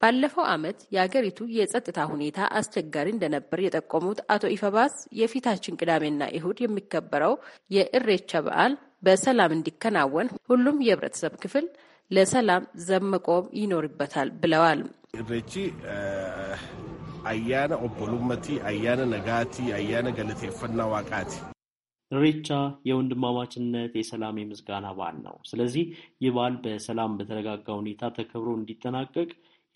ባለፈው ዓመት የአገሪቱ የጸጥታ ሁኔታ አስቸጋሪ እንደነበር የጠቆሙት አቶ ኢፈባስ የፊታችን ቅዳሜና እሁድ የሚከበረው የእሬቻ በዓል በሰላም እንዲከናወን ሁሉም የህብረተሰብ ክፍል ለሰላም ዘመቆም ይኖርበታል ብለዋል። እሬቺ አያነ ኦቦሉመቲ አያነ nagaati አያነ galateeffannaa waaqaati ሬቻ የወንድማማችነት የሰላም የምስጋና በዓል ነው። ስለዚህ ይህ በዓል በሰላም በተረጋጋ ሁኔታ ተከብሮ እንዲጠናቀቅ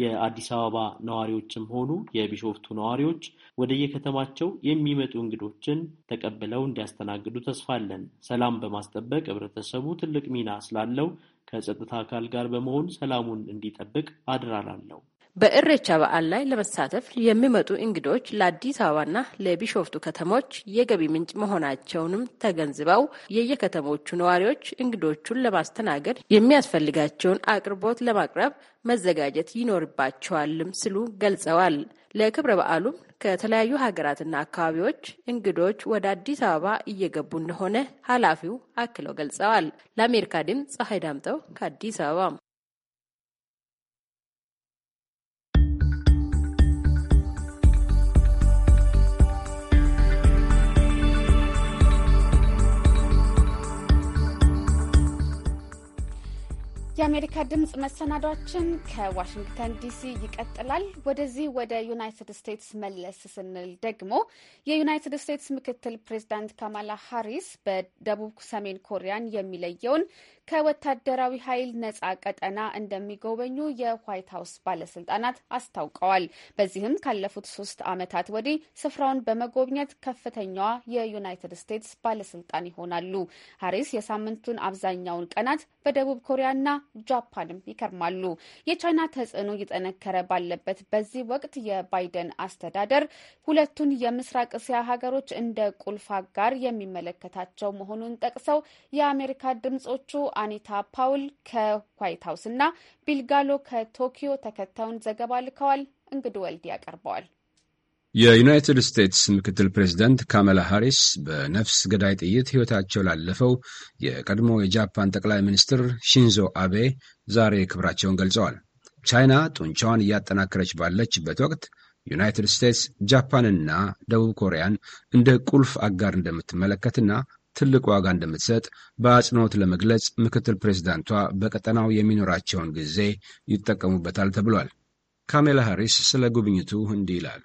የአዲስ አበባ ነዋሪዎችም ሆኑ የቢሾፍቱ ነዋሪዎች ወደየከተማቸው የሚመጡ እንግዶችን ተቀብለው እንዲያስተናግዱ ተስፋለን ሰላም በማስጠበቅ ህብረተሰቡ ትልቅ ሚና ስላለው ከጸጥታ አካል ጋር በመሆን ሰላሙን እንዲጠብቅ አድራላለው በእሬቻ በዓል ላይ ለመሳተፍ የሚመጡ እንግዶች ለአዲስ አበባና ለቢሾፍቱ ከተሞች የገቢ ምንጭ መሆናቸውንም ተገንዝበው የየከተሞቹ ነዋሪዎች እንግዶቹን ለማስተናገድ የሚያስፈልጋቸውን አቅርቦት ለማቅረብ መዘጋጀት ይኖርባቸዋልም ሲሉ ገልጸዋል። ለክብረ በዓሉም ከተለያዩ ሀገራትና አካባቢዎች እንግዶች ወደ አዲስ አበባ እየገቡ እንደሆነ ኃላፊው አክለው ገልጸዋል። ለአሜሪካ ድምፅ ፀሐይ ዳምጠው ከአዲስ አበባ የአሜሪካ ድምፅ መሰናዷችን ከዋሽንግተን ዲሲ ይቀጥላል። ወደዚህ ወደ ዩናይትድ ስቴትስ መለስ ስንል ደግሞ የዩናይትድ ስቴትስ ምክትል ፕሬዚዳንት ካማላ ሃሪስ በደቡብ ሰሜን ኮሪያን የሚለየውን ከወታደራዊ ኃይል ነጻ ቀጠና እንደሚጎበኙ የዋይት ሀውስ ባለስልጣናት አስታውቀዋል። በዚህም ካለፉት ሶስት ዓመታት ወዲህ ስፍራውን በመጎብኘት ከፍተኛዋ የዩናይትድ ስቴትስ ባለስልጣን ይሆናሉ። ሀሪስ የሳምንቱን አብዛኛውን ቀናት በደቡብ ኮሪያና ጃፓንም ይከርማሉ። የቻይና ተጽዕኖ እየጠነከረ ባለበት በዚህ ወቅት የባይደን አስተዳደር ሁለቱን የምስራቅ እስያ ሀገሮች እንደ ቁልፍ አጋር የሚመለከታቸው መሆኑን ጠቅሰው የአሜሪካ ድምጾቹ አኒታ ፓውል ከዋይት ሀውስ እና ቢልጋሎ ከቶኪዮ ተከታዩን ዘገባ ልከዋል። እንግድ ወልድ ያቀርበዋል። የዩናይትድ ስቴትስ ምክትል ፕሬዚደንት ካመላ ሃሪስ በነፍስ ገዳይ ጥይት ሕይወታቸው ላለፈው የቀድሞ የጃፓን ጠቅላይ ሚኒስትር ሺንዞ አቤ ዛሬ ክብራቸውን ገልጸዋል። ቻይና ጡንቻዋን እያጠናከረች ባለችበት ወቅት ዩናይትድ ስቴትስ ጃፓንና ደቡብ ኮሪያን እንደ ቁልፍ አጋር እንደምትመለከትና ትልቅ ዋጋ እንደምትሰጥ በአጽንኦት ለመግለጽ ምክትል ፕሬዚዳንቷ በቀጠናው የሚኖራቸውን ጊዜ ይጠቀሙበታል ተብሏል። ካሜላ ሃሪስ ስለ ጉብኝቱ እንዲህ ይላሉ።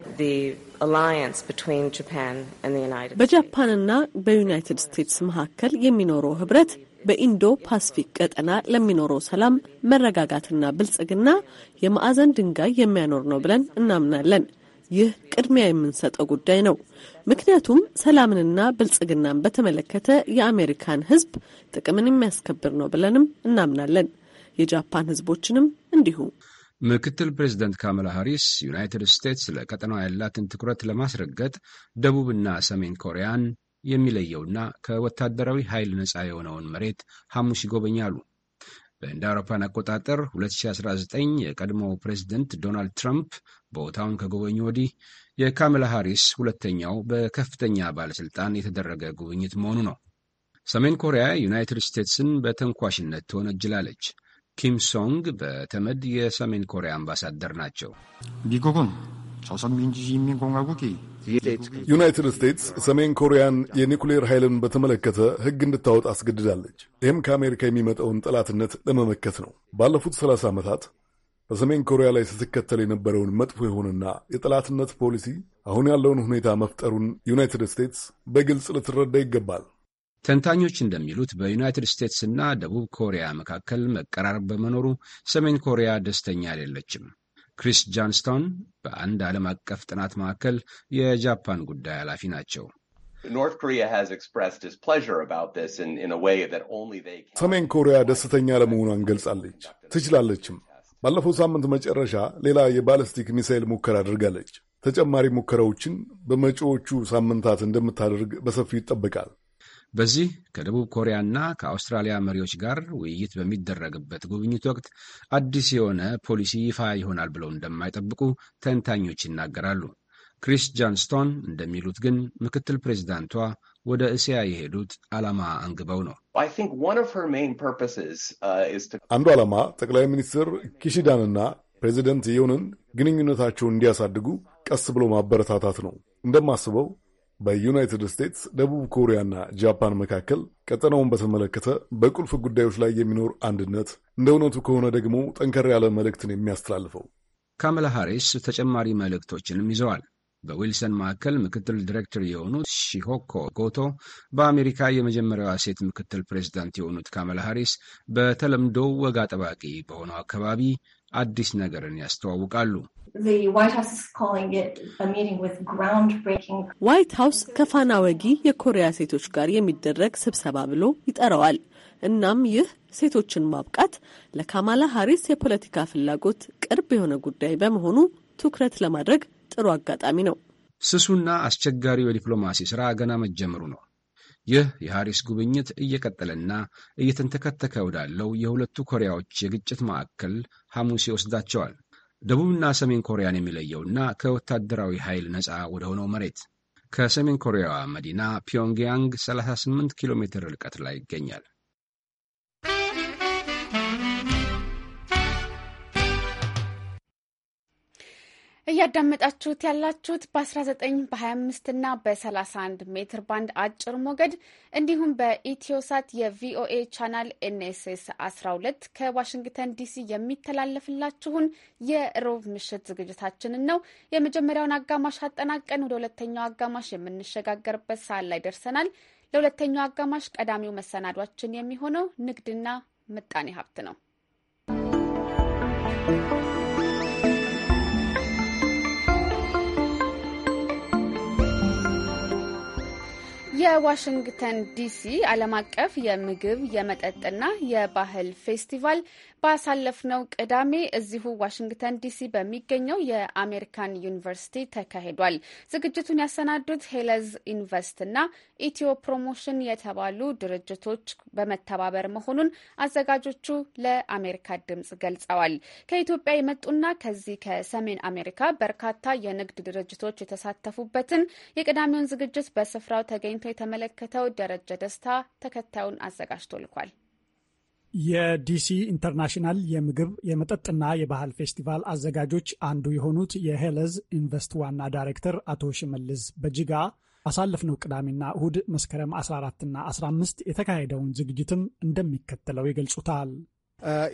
በጃፓንና በዩናይትድ ስቴትስ መካከል የሚኖረው ህብረት በኢንዶ ፓስፊክ ቀጠና ለሚኖረው ሰላም፣ መረጋጋትና ብልጽግና የማዕዘን ድንጋይ የሚያኖር ነው ብለን እናምናለን። ይህ ቅድሚያ የምንሰጠው ጉዳይ ነው። ምክንያቱም ሰላምንና ብልጽግናን በተመለከተ የአሜሪካን ሕዝብ ጥቅምን የሚያስከብር ነው ብለንም እናምናለን። የጃፓን ሕዝቦችንም እንዲሁ። ምክትል ፕሬዚደንት ካማላ ሃሪስ ዩናይትድ ስቴትስ ለቀጠናው ያላትን ትኩረት ለማስረገጥ ደቡብና ሰሜን ኮሪያን የሚለየውና ከወታደራዊ ኃይል ነጻ የሆነውን መሬት ሐሙስ ይጎበኛሉ። በእንደ አውሮፓን አቆጣጠር 2019 የቀድሞው ፕሬዚደንት ዶናልድ ትራምፕ ቦታውን ከጎበኙ ወዲህ የካሜላ ሃሪስ ሁለተኛው በከፍተኛ ባለሥልጣን የተደረገ ጉብኝት መሆኑ ነው። ሰሜን ኮሪያ ዩናይትድ ስቴትስን በተንኳሽነት ትወነጅላለች። ኪም ሶንግ በተመድ የሰሜን ኮሪያ አምባሳደር ናቸው። 미국은 ዩናይትድ ስቴትስ ሰሜን ኮሪያን የኒኩሌር ኃይልን በተመለከተ ሕግ እንድታወጥ አስገድዳለች። ይህም ከአሜሪካ የሚመጣውን ጠላትነት ለመመከት ነው። ባለፉት ሰላሳ ዓመታት በሰሜን ኮሪያ ላይ ስትከተል የነበረውን መጥፎ የሆነና የጠላትነት ፖሊሲ አሁን ያለውን ሁኔታ መፍጠሩን ዩናይትድ ስቴትስ በግልጽ ልትረዳ ይገባል። ተንታኞች እንደሚሉት በዩናይትድ ስቴትስ እና ደቡብ ኮሪያ መካከል መቀራረብ በመኖሩ ሰሜን ኮሪያ ደስተኛ አይደለችም። ክሪስ ጃንስቶን በአንድ ዓለም አቀፍ ጥናት ማዕከል የጃፓን ጉዳይ ኃላፊ ናቸው። ሰሜን ኮሪያ ደስተኛ ለመሆኗን ገልጻለች፣ ትችላለችም። ባለፈው ሳምንት መጨረሻ ሌላ የባለስቲክ ሚሳይል ሙከራ አድርጋለች። ተጨማሪ ሙከራዎችን በመጪዎቹ ሳምንታት እንደምታደርግ በሰፊው ይጠበቃል። በዚህ ከደቡብ ኮሪያና ከአውስትራሊያ መሪዎች ጋር ውይይት በሚደረግበት ጉብኝት ወቅት አዲስ የሆነ ፖሊሲ ይፋ ይሆናል ብለው እንደማይጠብቁ ተንታኞች ይናገራሉ። ክሪስ ጃንስቶን እንደሚሉት ግን ምክትል ፕሬዚዳንቷ ወደ እስያ የሄዱት ዓላማ አንግበው ነው። uh, አንዱ ዓላማ ጠቅላይ ሚኒስትር ኪሺዳንና ፕሬዚደንት ዮንን ግንኙነታቸውን እንዲያሳድጉ ቀስ ብሎ ማበረታታት ነው። እንደማስበው በዩናይትድ ስቴትስ ደቡብ ኮሪያና ጃፓን መካከል ቀጠናውን በተመለከተ በቁልፍ ጉዳዮች ላይ የሚኖር አንድነት እንደ እውነቱ ከሆነ ደግሞ ጠንከር ያለ መልእክትን የሚያስተላልፈው። ካመላ ሃሪስ ተጨማሪ መልእክቶችንም ይዘዋል። በዊልሰን ማዕከል ምክትል ዲሬክተር የሆኑት ሺሆኮ ጎቶ በአሜሪካ የመጀመሪያዋ ሴት ምክትል ፕሬዚዳንት የሆኑት ካመላ ሃሪስ በተለምዶ ወግ አጠባቂ በሆነው አካባቢ አዲስ ነገርን ያስተዋውቃሉ። ዋይት ሀውስ ከፋና ወጊ የኮሪያ ሴቶች ጋር የሚደረግ ስብሰባ ብሎ ይጠራዋል። እናም ይህ ሴቶችን ማብቃት ለካማላ ሀሪስ የፖለቲካ ፍላጎት ቅርብ የሆነ ጉዳይ በመሆኑ ትኩረት ለማድረግ ጥሩ አጋጣሚ ነው። ስሱና አስቸጋሪው የዲፕሎማሲ ስራ ገና መጀመሩ ነው። ይህ የሐሪስ ጉብኝት እየቀጠለና እየተንተከተከ ወዳለው የሁለቱ ኮሪያዎች የግጭት ማዕከል ሐሙስ ይወስዳቸዋል። ደቡብና ሰሜን ኮሪያን የሚለየውና ከወታደራዊ ኃይል ነፃ ወደሆነው መሬት ከሰሜን ኮሪያዋ መዲና ፒዮንግያንግ 38 ኪሎ ሜትር ርቀት ላይ ይገኛል። እያዳመጣችሁት ያላችሁት በ19 በ25 እና በ31 ሜትር ባንድ አጭር ሞገድ እንዲሁም በኢትዮሳት የቪኦኤ ቻናል ኤንኤስኤስ 12 ከዋሽንግተን ዲሲ የሚተላለፍላችሁን የሮብ ምሽት ዝግጅታችንን ነው። የመጀመሪያውን አጋማሽ አጠናቀን ወደ ሁለተኛው አጋማሽ የምንሸጋገርበት ሰዓት ላይ ደርሰናል። ለሁለተኛው አጋማሽ ቀዳሚው መሰናዷችን የሚሆነው ንግድና ምጣኔ ሀብት ነው። የዋሽንግተን ዲሲ ዓለም አቀፍ የምግብ የመጠጥና የባህል ፌስቲቫል ባሳለፍነው ቅዳሜ እዚሁ ዋሽንግተን ዲሲ በሚገኘው የአሜሪካን ዩኒቨርሲቲ ተካሂዷል። ዝግጅቱን ያሰናዱት ሄለዝ ኢንቨስት እና ኢትዮ ፕሮሞሽን የተባሉ ድርጅቶች በመተባበር መሆኑን አዘጋጆቹ ለአሜሪካ ድምጽ ገልጸዋል። ከኢትዮጵያ የመጡና ከዚህ ከሰሜን አሜሪካ በርካታ የንግድ ድርጅቶች የተሳተፉበትን የቅዳሜውን ዝግጅት በስፍራው ተገኝ የተመለከተው ደረጀ ደስታ ተከታዩን አዘጋጅቶ ልኳል። የዲሲ ኢንተርናሽናል የምግብ የመጠጥና የባህል ፌስቲቫል አዘጋጆች አንዱ የሆኑት የሄለዝ ኢንቨስት ዋና ዳይሬክተር አቶ ሽመልስ በጅጋ አሳለፍነው ቅዳሜና እሁድ መስከረም 14ና 15 የተካሄደውን ዝግጅትም እንደሚከተለው ይገልጹታል።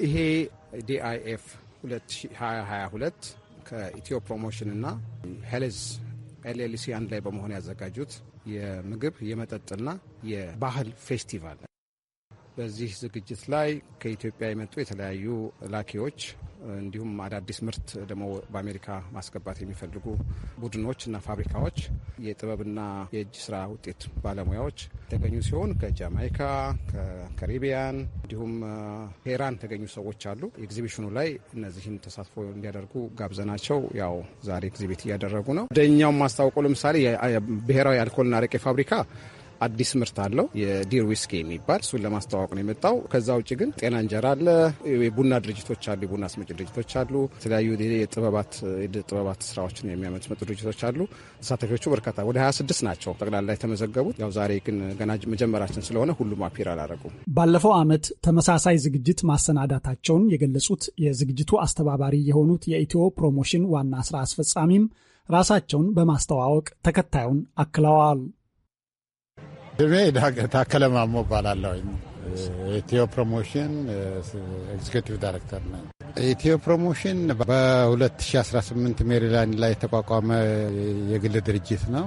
ይሄ ዲአይኤፍ 2022 ከኢትዮ ፕሮሞሽን እና ሄለዝ ኤልኤልሲ አንድ ላይ በመሆን ያዘጋጁት የምግብ የመጠጥና የባህል ፌስቲቫል በዚህ ዝግጅት ላይ ከኢትዮጵያ የመጡ የተለያዩ ላኪዎች እንዲሁም አዳዲስ ምርት ደግሞ በአሜሪካ ማስገባት የሚፈልጉ ቡድኖች እና ፋብሪካዎች የጥበብና የእጅ ስራ ውጤት ባለሙያዎች የተገኙ ሲሆን ከጃማይካ፣ ከካሪቢያን እንዲሁም ሄራን የተገኙ ሰዎች አሉ። ኤግዚቢሽኑ ላይ እነዚህን ተሳትፎ እንዲያደርጉ ጋብዘናቸው ያው ዛሬ ኤግዚቢት እያደረጉ ነው። ደኛውም ማስታወቁ ለምሳሌ ብሔራዊ አልኮልና አረቄ ፋብሪካ አዲስ ምርት አለው የዲር ዊስኪ የሚባል እሱን ለማስተዋወቅ ነው የመጣው። ከዛ ውጭ ግን ጤና እንጀራ አለ፣ የቡና ድርጅቶች አሉ፣ የቡና አስመጭ ድርጅቶች አሉ፣ የተለያዩ የጥበባት ጥበባት ስራዎችን የሚያመጡ ድርጅቶች አሉ። ተሳታፊዎቹ በርካታ ወደ 26 ናቸው ጠቅላላ የተመዘገቡት። ያው ዛሬ ግን ገና መጀመራችን ስለሆነ ሁሉም አፒር አላረጉም። ባለፈው ዓመት ተመሳሳይ ዝግጅት ማሰናዳታቸውን የገለጹት የዝግጅቱ አስተባባሪ የሆኑት የኢትዮ ፕሮሞሽን ዋና ስራ አስፈጻሚም ራሳቸውን በማስተዋወቅ ተከታዩን አክለዋል። ስሜ ታከለ ማሞ እባላለሁ። ኢትዮ ፕሮሞሽን ኤግዚኪቲቭ ዳይሬክተር ነኝ። ኢትዮ ፕሮሞሽን በ2018 ሜሪላንድ ላይ የተቋቋመ የግል ድርጅት ነው።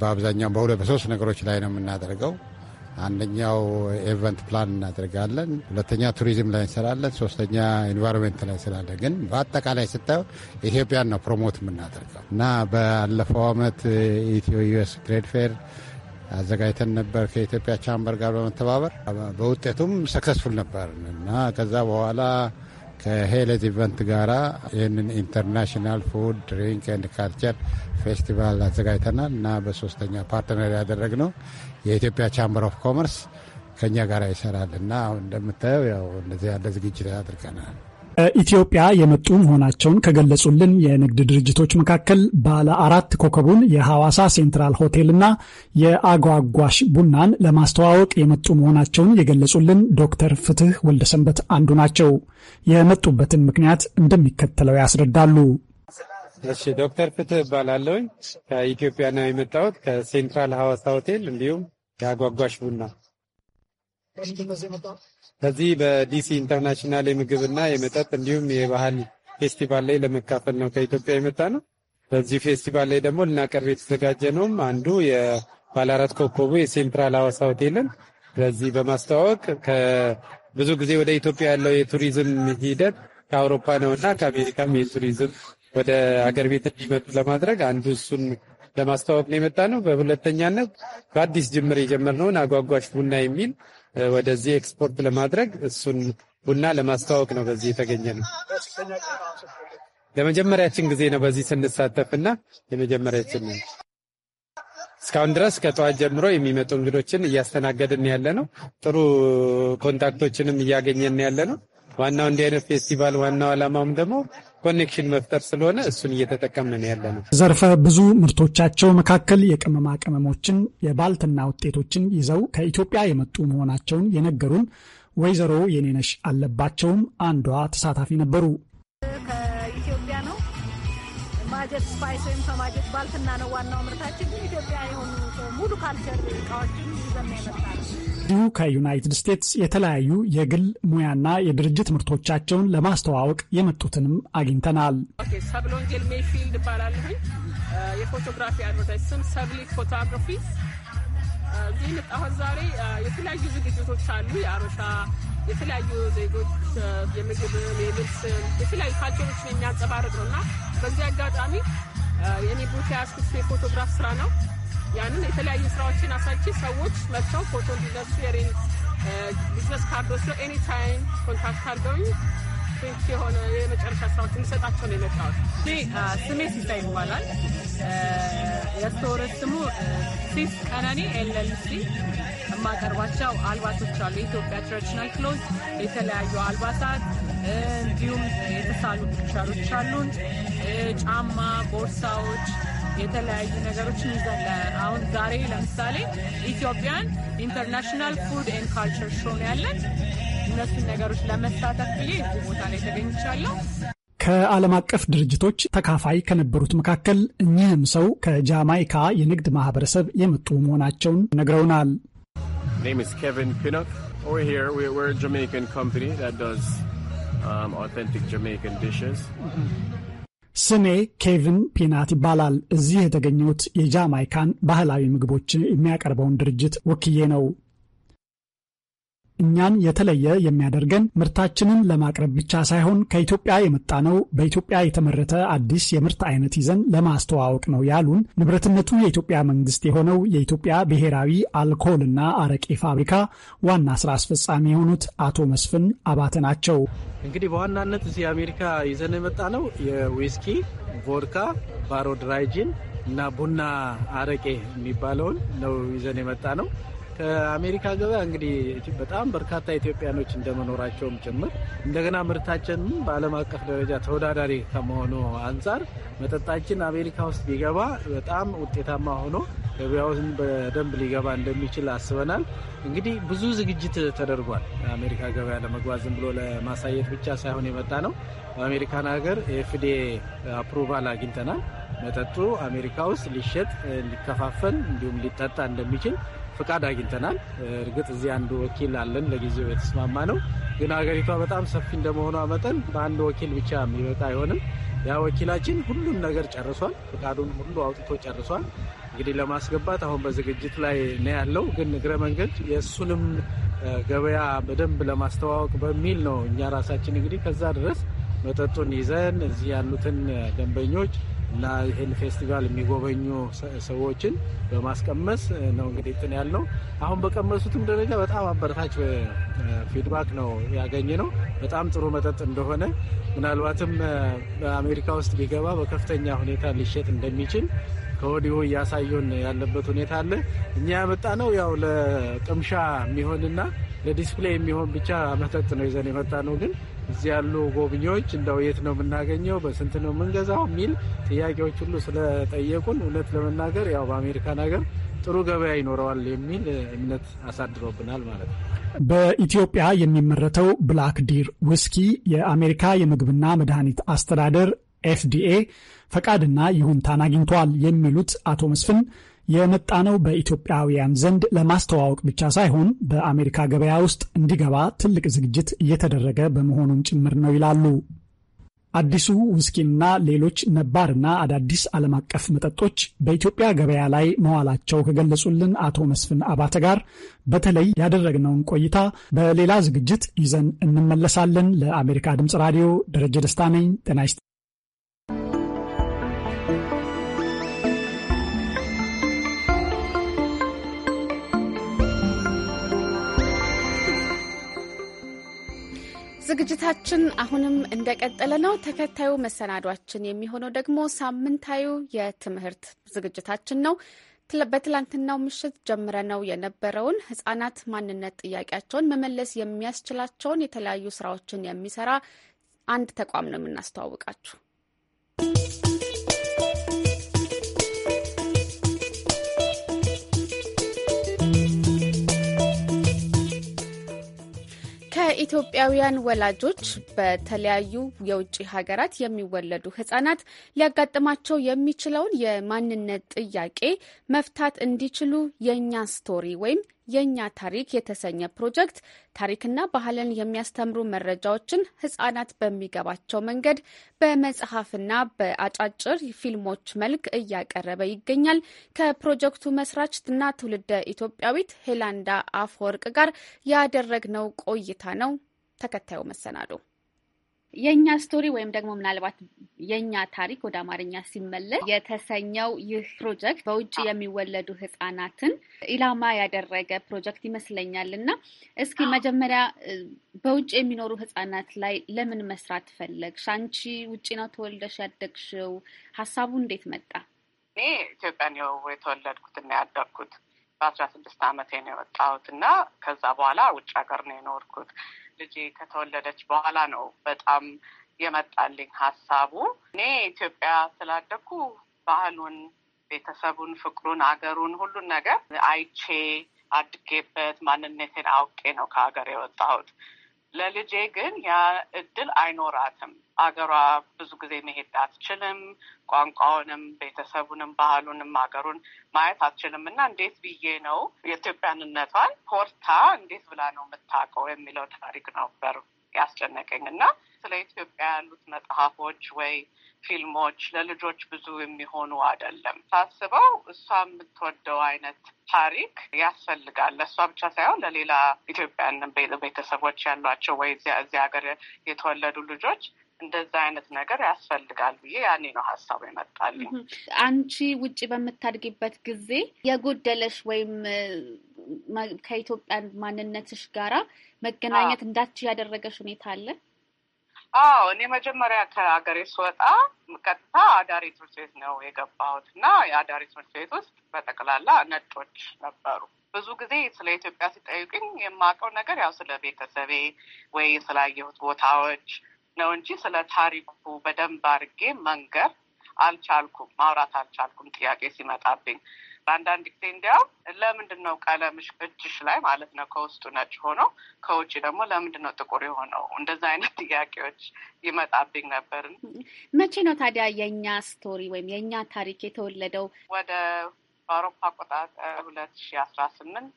በአብዛኛው በሁለት በሶስት ነገሮች ላይ ነው የምናደርገው። አንደኛው ኤቨንት ፕላን እናደርጋለን፣ ሁለተኛ ቱሪዝም ላይ እንሰራለን፣ ሶስተኛ ኤንቫይሮንመንት ላይ እንሰራለን። ግን በአጠቃላይ ስታየው ኢትዮጵያን ነው ፕሮሞት የምናደርገው እና ባለፈው ዓመት ኢትዮ ዩኤስ ትሬድ ፌር አዘጋጅተን ነበር ከኢትዮጵያ ቻምበር ጋር በመተባበር በውጤቱም ሰክሰስፉል ነበር እና ከዛ በኋላ ከሄለት ኢቨንት ጋራ ይህንን ኢንተርናሽናል ፉድ ድሪንክ ኤንድ ካልቸር ፌስቲቫል አዘጋጅተናል እና በሶስተኛ ፓርትነር ያደረግ ነው የኢትዮጵያ ቻምበር ኦፍ ኮመርስ ከኛ ጋር ይሰራል እና አሁን እንደምታየው ያው እንደዚህ ያለ ዝግጅት አድርገናል። ኢትዮጵያ የመጡ መሆናቸውን ከገለጹልን የንግድ ድርጅቶች መካከል ባለ አራት ኮከቡን የሐዋሳ ሴንትራል ሆቴልና የአጓጓሽ ቡናን ለማስተዋወቅ የመጡ መሆናቸውን የገለጹልን ዶክተር ፍትህ ወልደሰንበት አንዱ ናቸው። የመጡበትን ምክንያት እንደሚከተለው ያስረዳሉ። እሺ ዶክተር ፍትህ እባላለሁ። ከኢትዮጵያ ነው የመጣሁት ከሴንትራል ሐዋሳ ሆቴል እንዲሁም የአጓጓሽ ቡና ከዚህ በዲሲ ኢንተርናሽናል የምግብና የመጠጥ እንዲሁም የባህል ፌስቲቫል ላይ ለመካፈል ነው ከኢትዮጵያ የመጣ ነው። በዚህ ፌስቲቫል ላይ ደግሞ ልናቀርብ የተዘጋጀ ነውም አንዱ የባለአራት ኮኮቡ ኮከቡ የሴንትራል ሀዋሳ ሆቴልን በዚህ በማስተዋወቅ ብዙ ጊዜ ወደ ኢትዮጵያ ያለው የቱሪዝም ሂደት ከአውሮፓ ነው እና ከአሜሪካም የቱሪዝም ወደ አገር ቤት እንዲመጡ ለማድረግ አንዱ እሱን ለማስተዋወቅ ነው የመጣ ነው። በሁለተኛነት በአዲስ ጅምር የጀመርነውን አጓጓሽ ቡና የሚል ወደዚህ ኤክስፖርት ለማድረግ እሱን ቡና ለማስተዋወቅ ነው በዚህ የተገኘ ነው። ለመጀመሪያችን ጊዜ ነው በዚህ ስንሳተፍና የመጀመሪያችን ነው። እስካሁን ድረስ ከጠዋት ጀምሮ የሚመጡ እንግዶችን እያስተናገድን ያለ ነው። ጥሩ ኮንታክቶችንም እያገኘን ያለ ነው። ዋናው እንዲህ አይነት ፌስቲቫል ዋናው ዓላማውም ደግሞ ኮኔክሽን መፍጠር ስለሆነ እሱን እየተጠቀምን ነው ያለ ነው። ዘርፈ ብዙ ምርቶቻቸው መካከል የቅመማ ቅመሞችን፣ የባልትና ውጤቶችን ይዘው ከኢትዮጵያ የመጡ መሆናቸውን የነገሩን ወይዘሮ የኔነሽ አለባቸውም አንዷ ተሳታፊ ነበሩ። ከኢትዮጵያ ነው ማጀት ስፓይስ ወይም ከማጀት ባልትና ነው ዋናው ምርታችን። ኢትዮጵያ የሆኑ ሙሉ ካልቸር እቃዎችን ይዘና ይመጣል እንዲሁ ከዩናይትድ ስቴትስ የተለያዩ የግል ሙያና የድርጅት ምርቶቻቸውን ለማስተዋወቅ የመጡትንም አግኝተናል። ሰብሎንጌል ሜይፊልድ እባላለሁኝ። የፎቶግራፊ አድቨርታይዝ ስም ፎቶግራፊ እዚህ የመጣሁት ዛሬ የተለያዩ ዝግጅቶች አሉ። የአበሻ የተለያዩ ዜጎች የምግብም የልብስም የተለያዩ ካልቸሮችን የሚያንጸባርቅ ነው እና በዚህ አጋጣሚ የኔ ቦታ ያስኩት የፎቶግራፍ ስራ ነው ያንን የተለያዩ ስራዎችን አሳይቼ ሰዎች መጥተው ፎቶ እንዲነሱ የሬን ቢዝነስ ካርድ ወስደው ኤኒ ታይም ኮንታክት አድርገውኝ ፕሪንት የሆነ የመጨረሻ ስራዎች እንሰጣቸው ነው የመጣሁት። ስሜ ሲሳይ ይባላል። የስቶር ስሙ ሲስ ቀነኔ ኤልኤልሲ የማቀርባቸው አልባቶች አሉ። የኢትዮጵያ ትራዲሽናል ክሎዝ፣ የተለያዩ አልባሳት እንዲሁም የተሳሉ ፒክቸሮች አሉን። ጫማ፣ ቦርሳዎች የተለያዩ ነገሮችን ይዘን አሁን ዛሬ ለምሳሌ ኢትዮጵያን ኢንተርናሽናል ፉድ ኤንድ ካልቸር ሾው ነው ያለን። እነሱን ነገሮች ለመሳተፍ ብዬ እዚህ ቦታ ላይ ተገኝቻለሁ። ከዓለም አቀፍ ድርጅቶች ተካፋይ ከነበሩት መካከል እኚህም ሰው ከጃማይካ የንግድ ማህበረሰብ የመጡ መሆናቸውን ነግረውናል። ስሜ ኬቪን ፒናት ይባላል። እዚህ የተገኘሁት የጃማይካን ባህላዊ ምግቦች የሚያቀርበውን ድርጅት ወክዬ ነው። እኛን የተለየ የሚያደርገን ምርታችንን ለማቅረብ ብቻ ሳይሆን ከኢትዮጵያ የመጣ ነው፣ በኢትዮጵያ የተመረተ አዲስ የምርት አይነት ይዘን ለማስተዋወቅ ነው ያሉን ንብረትነቱ የኢትዮጵያ መንግስት የሆነው የኢትዮጵያ ብሔራዊ አልኮልና አረቄ ፋብሪካ ዋና ስራ አስፈጻሚ የሆኑት አቶ መስፍን አባተ ናቸው። እንግዲህ በዋናነት እዚህ አሜሪካ ይዘን የመጣ ነው የዊስኪ፣ ቮድካ፣ ባሮ ድራይጂን እና ቡና አረቄ የሚባለውን ነው ይዘን የመጣ ነው። ከአሜሪካ ገበያ እንግዲህ በጣም በርካታ ኢትዮጵያኖች እንደመኖራቸውም ጭምር እንደገና ምርታችንም በዓለም አቀፍ ደረጃ ተወዳዳሪ ከመሆኑ አንጻር መጠጣችን አሜሪካ ውስጥ ቢገባ በጣም ውጤታማ ሆኖ ገበያውን በደንብ ሊገባ እንደሚችል አስበናል። እንግዲህ ብዙ ዝግጅት ተደርጓል። አሜሪካ ገበያ ለመግባት ዝም ብሎ ለማሳየት ብቻ ሳይሆን የመጣ ነው። በአሜሪካን ሀገር ኤፍዴ አፕሩቫል አግኝተናል። መጠጡ አሜሪካ ውስጥ ሊሸጥ ሊከፋፈል፣ እንዲሁም ሊጠጣ እንደሚችል ፍቃድ አግኝተናል። እርግጥ እዚህ አንድ ወኪል አለን፣ ለጊዜው የተስማማ ነው። ግን ሀገሪቷ በጣም ሰፊ እንደመሆኗ መጠን በአንድ ወኪል ብቻ የሚበቃ አይሆንም። ያ ወኪላችን ሁሉም ነገር ጨርሷል። ፍቃዱን ሁሉ አውጥቶ ጨርሷል። እንግዲህ ለማስገባት አሁን በዝግጅት ላይ ነው ያለው። ግን እግረ መንገድ የእሱንም ገበያ በደንብ ለማስተዋወቅ በሚል ነው እኛ ራሳችን እንግዲህ ከዛ ድረስ መጠጡን ይዘን እዚህ ያሉትን ደንበኞች ይህን ፌስቲቫል የሚጎበኙ ሰዎችን በማስቀመስ ነው እንግዲህ እንትን ያለው። አሁን በቀመሱትም ደረጃ በጣም አበረታች ፊድባክ ነው ያገኘ ነው። በጣም ጥሩ መጠጥ እንደሆነ ምናልባትም በአሜሪካ ውስጥ ቢገባ በከፍተኛ ሁኔታ ሊሸጥ እንደሚችል ከወዲሁ እያሳዩን ያለበት ሁኔታ አለ። እኛ ያመጣ ነው ያው ለቅምሻ የሚሆንና ለዲስፕሌይ የሚሆን ብቻ መጠጥ ነው ይዘን የመጣ ነው ግን እዚህ ያሉ ጎብኚዎች እንደው የት ነው የምናገኘው፣ በስንት ነው የምንገዛው የሚል ጥያቄዎች ሁሉ ስለጠየቁን እውነት ለመናገር ያው በአሜሪካን ሀገር ጥሩ ገበያ ይኖረዋል የሚል እምነት አሳድሮብናል ማለት ነው። በኢትዮጵያ የሚመረተው ብላክ ዲር ውስኪ የአሜሪካ የምግብና መድኃኒት አስተዳደር ኤፍዲኤ ፈቃድና ይሁንታን አግኝቷል የሚሉት አቶ መስፍን የመጣነው በኢትዮጵያውያን ዘንድ ለማስተዋወቅ ብቻ ሳይሆን በአሜሪካ ገበያ ውስጥ እንዲገባ ትልቅ ዝግጅት እየተደረገ በመሆኑም ጭምር ነው ይላሉ። አዲሱ ውስኪና ሌሎች ነባርና አዳዲስ ዓለም አቀፍ መጠጦች በኢትዮጵያ ገበያ ላይ መዋላቸው ከገለጹልን አቶ መስፍን አባተ ጋር በተለይ ያደረግነውን ቆይታ በሌላ ዝግጅት ይዘን እንመለሳለን። ለአሜሪካ ድምፅ ራዲዮ ደረጀ ደስታ ነኝ። ጤና ዝግጅታችን አሁንም እንደቀጠለ ነው። ተከታዩ መሰናዷችን የሚሆነው ደግሞ ሳምንታዊ የትምህርት ዝግጅታችን ነው። በትላንትናው ምሽት ጀምረነው የነበረውን ህጻናት ማንነት ጥያቄያቸውን መመለስ የሚያስችላቸውን የተለያዩ ስራዎችን የሚሰራ አንድ ተቋም ነው የምናስተዋውቃችሁ። የኢትዮጵያውያን ወላጆች በተለያዩ የውጭ ሀገራት የሚወለዱ ህጻናት ሊያጋጥማቸው የሚችለውን የማንነት ጥያቄ መፍታት እንዲችሉ የእኛ ስቶሪ ወይም የእኛ ታሪክ የተሰኘ ፕሮጀክት ታሪክና ባህልን የሚያስተምሩ መረጃዎችን ህጻናት በሚገባቸው መንገድ በመጽሐፍና በአጫጭር ፊልሞች መልክ እያቀረበ ይገኛል። ከፕሮጀክቱ መስራችና ትውልደ ኢትዮጵያዊት ሄላንዳ አፈወርቅ ጋር ያደረግነው ቆይታ ነው። ተከታዩ መሰናዶ የእኛ ስቶሪ ወይም ደግሞ ምናልባት የእኛ ታሪክ ወደ አማርኛ ሲመለስ የተሰኘው ይህ ፕሮጀክት በውጭ የሚወለዱ ህጻናትን ኢላማ ያደረገ ፕሮጀክት ይመስለኛል እና እስኪ መጀመሪያ በውጭ የሚኖሩ ህጻናት ላይ ለምን መስራት ፈለግሽ? አንቺ ውጭ ነው ተወልደሽ ያደግሽው። ሀሳቡ እንዴት መጣ? እኔ ኢትዮጵያ ነው እና ያደግኩት በአስራ ስድስት አመቴ ነው የወጣሁት እና ከዛ በኋላ ውጭ ሀገር ነው የኖርኩት ልጄ ከተወለደች በኋላ ነው በጣም የመጣልኝ ሀሳቡ። እኔ ኢትዮጵያ ስላደኩ ባህሉን፣ ቤተሰቡን፣ ፍቅሩን፣ አገሩን፣ ሁሉን ነገር አይቼ አድጌበት ማንነቴን አውቄ ነው ከሀገር የወጣሁት። ለልጄ ግን ያ እድል አይኖራትም። አገሯ ብዙ ጊዜ መሄድ አትችልም። ቋንቋውንም፣ ቤተሰቡንም፣ ባህሉንም አገሩን ማየት አትችልም እና እንዴት ብዬ ነው የኢትዮጵያንነቷን ፖርታ እንዴት ብላ ነው የምታውቀው የሚለው ታሪክ ነበር ያስጨነቀኝ እና ስለ ኢትዮጵያ ያሉት መጽሐፎች ወይ ፊልሞች ለልጆች ብዙ የሚሆኑ አይደለም። ሳስበው እሷ የምትወደው አይነት ታሪክ ያስፈልጋል። ለእሷ ብቻ ሳይሆን ለሌላ ኢትዮጵያን ቤተሰቦች ያሏቸው ወይ እዚህ ሀገር የተወለዱ ልጆች እንደዛ አይነት ነገር ያስፈልጋል ብዬ ያኔ ነው ሀሳቡ ይመጣል። አንቺ ውጭ በምታድጊበት ጊዜ የጎደለሽ ወይም ከኢትዮጵያ ማንነትሽ ጋራ መገናኘት እንዳች ያደረገሽ ሁኔታ አለ? አዎ እኔ መጀመሪያ ከሀገሬ ስወጣ ቀጥታ አዳሪ ትምህርት ቤት ነው የገባሁት እና የአዳሪ ትምህርት ቤት ውስጥ በጠቅላላ ነጮች ነበሩ። ብዙ ጊዜ ስለ ኢትዮጵያ ሲጠይቅኝ የማውቀው ነገር ያው ስለ ቤተሰቤ ወይ ስላየሁት ቦታዎች ነው እንጂ ስለ ታሪኩ በደንብ አድርጌ መንገር አልቻልኩም። ማውራት አልቻልኩም ጥያቄ ሲመጣብኝ አንዳንድ ጊዜ እንዲያው ለምንድን ነው ቀለምሽ እጅሽ ላይ ማለት ነው ከውስጡ ነጭ ሆኖ ከውጭ ደግሞ ለምንድን ነው ጥቁር የሆነው? እንደዛ አይነት ጥያቄዎች ይመጣብኝ ነበር። መቼ ነው ታዲያ የእኛ ስቶሪ ወይም የእኛ ታሪክ የተወለደው? ወደ በአውሮፓ አቆጣጠር ሁለት ሺ አስራ ስምንት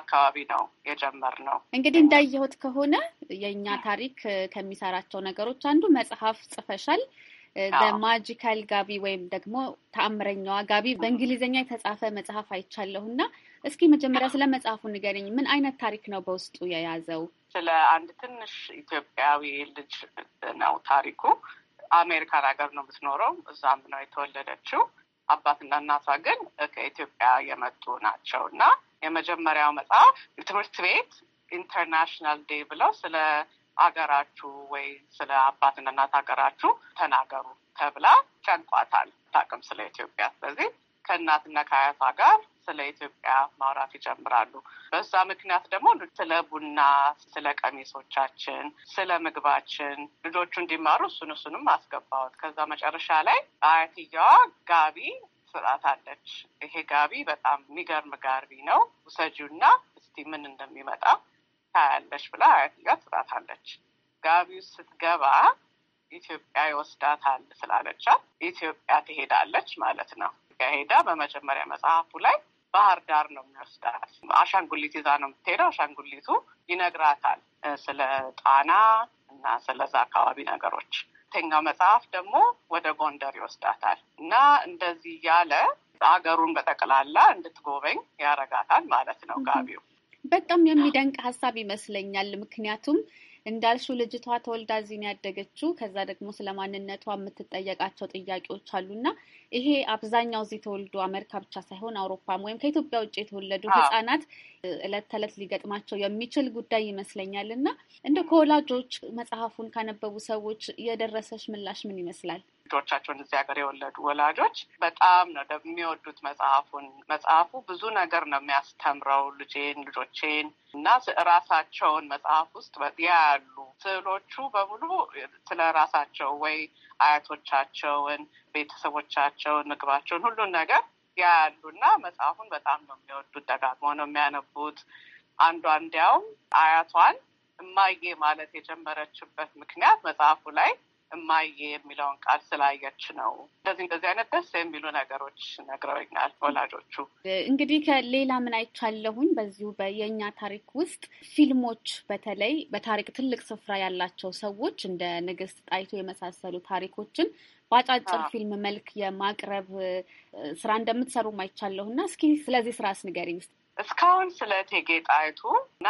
አካባቢ ነው የጀመርነው። እንግዲህ እንዳየሁት ከሆነ የእኛ ታሪክ ከሚሰራቸው ነገሮች አንዱ መጽሐፍ ጽፈሻል። በማጂካል ጋቢ ወይም ደግሞ ተአምረኛዋ ጋቢ በእንግሊዝኛ የተጻፈ መጽሐፍ አይቻለሁ እና እስኪ መጀመሪያ ስለ መጽሐፉ ንገርኝ። ምን አይነት ታሪክ ነው በውስጡ የያዘው? ስለ አንድ ትንሽ ኢትዮጵያዊ ልጅ ነው ታሪኩ። አሜሪካን ሀገር ነው የምትኖረው፣ እዛም ነው የተወለደችው። አባትና እናቷ ግን ከኢትዮጵያ የመጡ ናቸው እና የመጀመሪያው መጽሐፍ ትምህርት ቤት ኢንተርናሽናል ዴይ ብለው ስለ አገራችሁ ወይ ስለ አባትና እናት ሀገራችሁ ተናገሩ ተብላ ጨንቋታል። ታቅም ስለ ኢትዮጵያ ስለዚህ ከእናትና ከአያቷ ጋር ስለ ኢትዮጵያ ማውራት ይጀምራሉ። በዛ ምክንያት ደግሞ ስለ ቡና፣ ስለ ቀሚሶቻችን፣ ስለ ምግባችን ልጆቹ እንዲማሩ እሱን እሱንም አስገባሁት። ከዛ መጨረሻ ላይ አያትየዋ ጋቢ ስርዓት አለች። ይሄ ጋቢ በጣም የሚገርም ጋቢ ነው፣ ውሰጂውና እስቲ ምን እንደሚመጣ ታያለች ብላ አያትየዋ ትላታለች። ጋቢው ስትገባ ኢትዮጵያ ይወስዳታል ስላለቻት ኢትዮጵያ ትሄዳለች ማለት ነው። ሄዳ በመጀመሪያ መጽሐፉ ላይ ባህር ዳር ነው የሚወስዳት። አሻንጉሊት ይዛ ነው የምትሄደው። አሻንጉሊቱ ይነግራታል ስለ ጣና እና ስለዛ አካባቢ ነገሮች። ሁለተኛው መጽሐፍ ደግሞ ወደ ጎንደር ይወስዳታል እና እንደዚህ ያለ አገሩን በጠቅላላ እንድትጎበኝ ያረጋታል ማለት ነው ጋቢው። በጣም የሚደንቅ ሀሳብ ይመስለኛል። ምክንያቱም እንዳልሹ ልጅቷ ተወልዳ ዚህን ያደገችው ከዛ ደግሞ ስለ ማንነቷ የምትጠየቃቸው ጥያቄዎች አሉና ይሄ አብዛኛው እዚህ ተወልዶ አሜሪካ ብቻ ሳይሆን አውሮፓም ወይም ከኢትዮጵያ ውጭ የተወለዱ ህጻናት እለት ተዕለት ሊገጥማቸው የሚችል ጉዳይ ይመስለኛል እና እንደ ከወላጆች መጽሐፉን ካነበቡ ሰዎች የደረሰች ምላሽ ምን ይመስላል? ልጆቻቸውን እዚህ ሀገር የወለዱ ወላጆች በጣም ነው የሚወዱት መጽሐፉን። መጽሐፉ ብዙ ነገር ነው የሚያስተምረው ልጄን፣ ልጆቼን እና ራሳቸውን መጽሐፍ ውስጥ ያሉ ስዕሎቹ በሙሉ ስለ ራሳቸው ወይ አያቶቻቸውን፣ ቤተሰቦቻቸውን፣ ምግባቸውን፣ ሁሉን ነገር ያሉና መጽሐፉን በጣም ነው የሚወዱት። ደጋግሞ ነው የሚያነቡት። አንዷ እንዲያውም አያቷን እማዬ ማለት የጀመረችበት ምክንያት መጽሐፉ ላይ እማዬ የሚለውን ቃል ስላየች ነው። እንደዚህ እንደዚህ አይነት ደስ የሚሉ ነገሮች ነግረውኛል ወላጆቹ። እንግዲህ ከሌላ ምን አይቻለሁኝ በዚሁ በየእኛ ታሪክ ውስጥ ፊልሞች፣ በተለይ በታሪክ ትልቅ ስፍራ ያላቸው ሰዎች እንደ ንግስት ጣይቶ የመሳሰሉ ታሪኮችን በአጫጭር ፊልም መልክ የማቅረብ ስራ እንደምትሰሩ ማይቻለሁ እና እስኪ ስለዚህ ስራ ስንገሪ ውስጥ እስካሁን ስለ እቴጌ ጣይቱ እና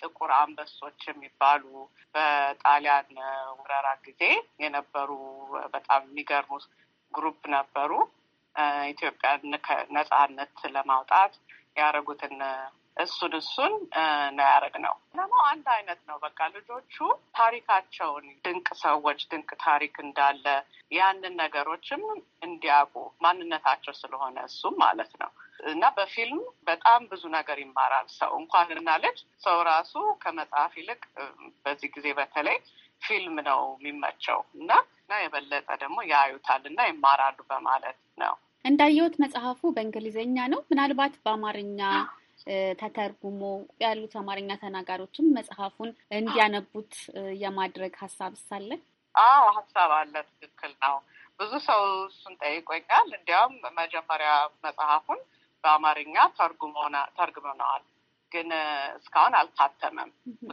ጥቁር አንበሶች የሚባሉ በጣሊያን ወረራ ጊዜ የነበሩ በጣም የሚገርሙ ግሩፕ ነበሩ። ኢትዮጵያን ነጻነት ለማውጣት ያደረጉትን እሱን እሱን ነው ነው። ደግሞ አንድ አይነት ነው። በቃ ልጆቹ ታሪካቸውን ድንቅ ሰዎች ድንቅ ታሪክ እንዳለ ያንን ነገሮችም እንዲያውቁ ማንነታቸው ስለሆነ እሱም ማለት ነው እና በፊልም በጣም ብዙ ነገር ይማራል ሰው እንኳን እና ልጅ ሰው ራሱ ከመጽሐፍ ይልቅ በዚህ ጊዜ በተለይ ፊልም ነው የሚመቸው እና እና የበለጠ ደግሞ ያዩታል እና ይማራሉ በማለት ነው። እንዳየሁት መጽሐፉ በእንግሊዝኛ ነው። ምናልባት በአማርኛ ተተርጉሞ ያሉት አማርኛ ተናጋሪዎችም መጽሐፉን እንዲያነቡት የማድረግ ሀሳብ ሳለ? አዎ ሀሳብ አለ። ትክክል ነው። ብዙ ሰው እሱን ጠይቆኛል። እንዲያውም መጀመሪያ መጽሐፉን በአማርኛ ተርጉመነዋል፣ ግን እስካሁን አልታተመም።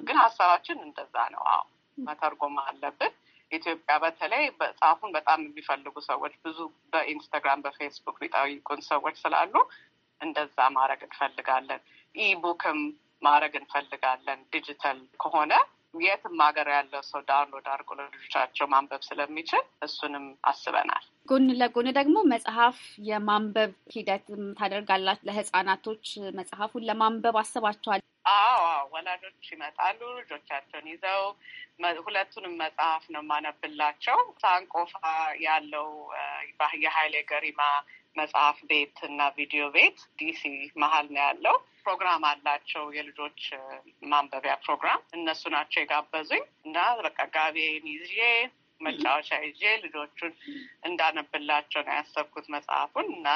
ግን ሀሳባችን እንደዛ ነው። አዎ መተርጎም አለብን። ኢትዮጵያ በተለይ መጽሐፉን በጣም የሚፈልጉ ሰዎች ብዙ በኢንስታግራም በፌስቡክ የሚጠይቁን ሰዎች ስላሉ እንደዛ ማድረግ እንፈልጋለን። ኢቡክም ማድረግ እንፈልጋለን ዲጂታል ከሆነ የትም ሀገር ያለው ሰው ዳውንሎድ አድርጎ ለልጆቻቸው ማንበብ ስለሚችል እሱንም አስበናል። ጎን ለጎን ደግሞ መጽሐፍ የማንበብ ሂደት ታደርጋላችሁ። ለህፃናቶች መጽሐፉን ለማንበብ አስባችኋል? አዎ ወላጆች ይመጣሉ ልጆቻቸውን ይዘው። ሁለቱንም መጽሐፍ ነው የማነብላቸው። ሳንቆፋ ያለው የሀይሌ ገሪማ መጽሐፍ ቤት እና ቪዲዮ ቤት ዲሲ መሀል ነው ያለው። ፕሮግራም አላቸው የልጆች ማንበቢያ ፕሮግራም። እነሱ ናቸው የጋበዙኝ እና በቃ ጋቤን ይዤ መጫወቻ ይዤ ልጆቹን እንዳነብላቸው ነው ያሰብኩት መጽሐፉን እና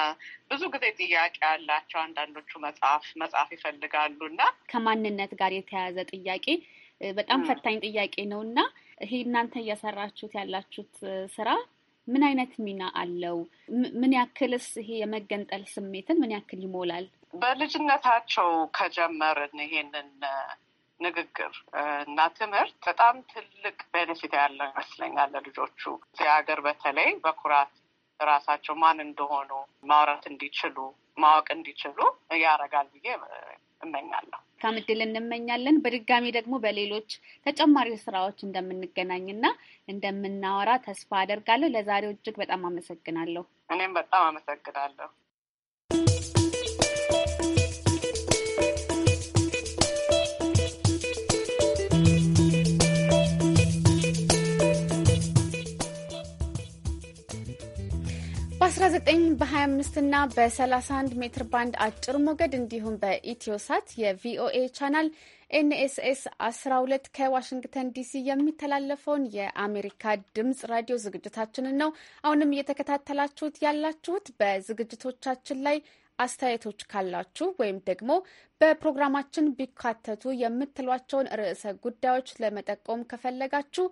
ብዙ ጊዜ ጥያቄ ያላቸው አንዳንዶቹ መጽሐፍ መጽሐፍ ይፈልጋሉ እና ከማንነት ጋር የተያያዘ ጥያቄ በጣም ፈታኝ ጥያቄ ነው እና ይሄ እናንተ እየሰራችሁት ያላችሁት ስራ ምን አይነት ሚና አለው? ምን ያክልስ ይሄ የመገንጠል ስሜትን ምን ያክል ይሞላል? በልጅነታቸው ከጀመርን ይሄንን ንግግር እና ትምህርት በጣም ትልቅ ቤኔፊት ያለው ይመስለኛል ለልጆቹ እዚህ ሀገር በተለይ በኩራት ራሳቸው ማን እንደሆኑ ማውራት እንዲችሉ ማወቅ እንዲችሉ ያደርጋል ብዬ እመኛለሁ። መልካም እድል እንመኛለን። በድጋሚ ደግሞ በሌሎች ተጨማሪ ስራዎች እንደምንገናኝና እንደምናወራ ተስፋ አደርጋለሁ። ለዛሬው እጅግ በጣም አመሰግናለሁ። እኔም በጣም አመሰግናለሁ። በ19 በ25 እና በ31 ሜትር ባንድ አጭር ሞገድ እንዲሁም በኢትዮሳት የቪኦኤ ቻናል ኤንኤስኤስ 12 ከዋሽንግተን ዲሲ የሚተላለፈውን የአሜሪካ ድምጽ ራዲዮ ዝግጅታችንን ነው አሁንም እየተከታተላችሁት ያላችሁት። በዝግጅቶቻችን ላይ አስተያየቶች ካላችሁ ወይም ደግሞ በፕሮግራማችን ቢካተቱ የምትሏቸውን ርዕሰ ጉዳዮች ለመጠቆም ከፈለጋችሁ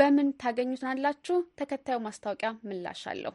በምን ታገኙናላችሁ? ተከታዩ ማስታወቂያ ምላሽ አለሁ።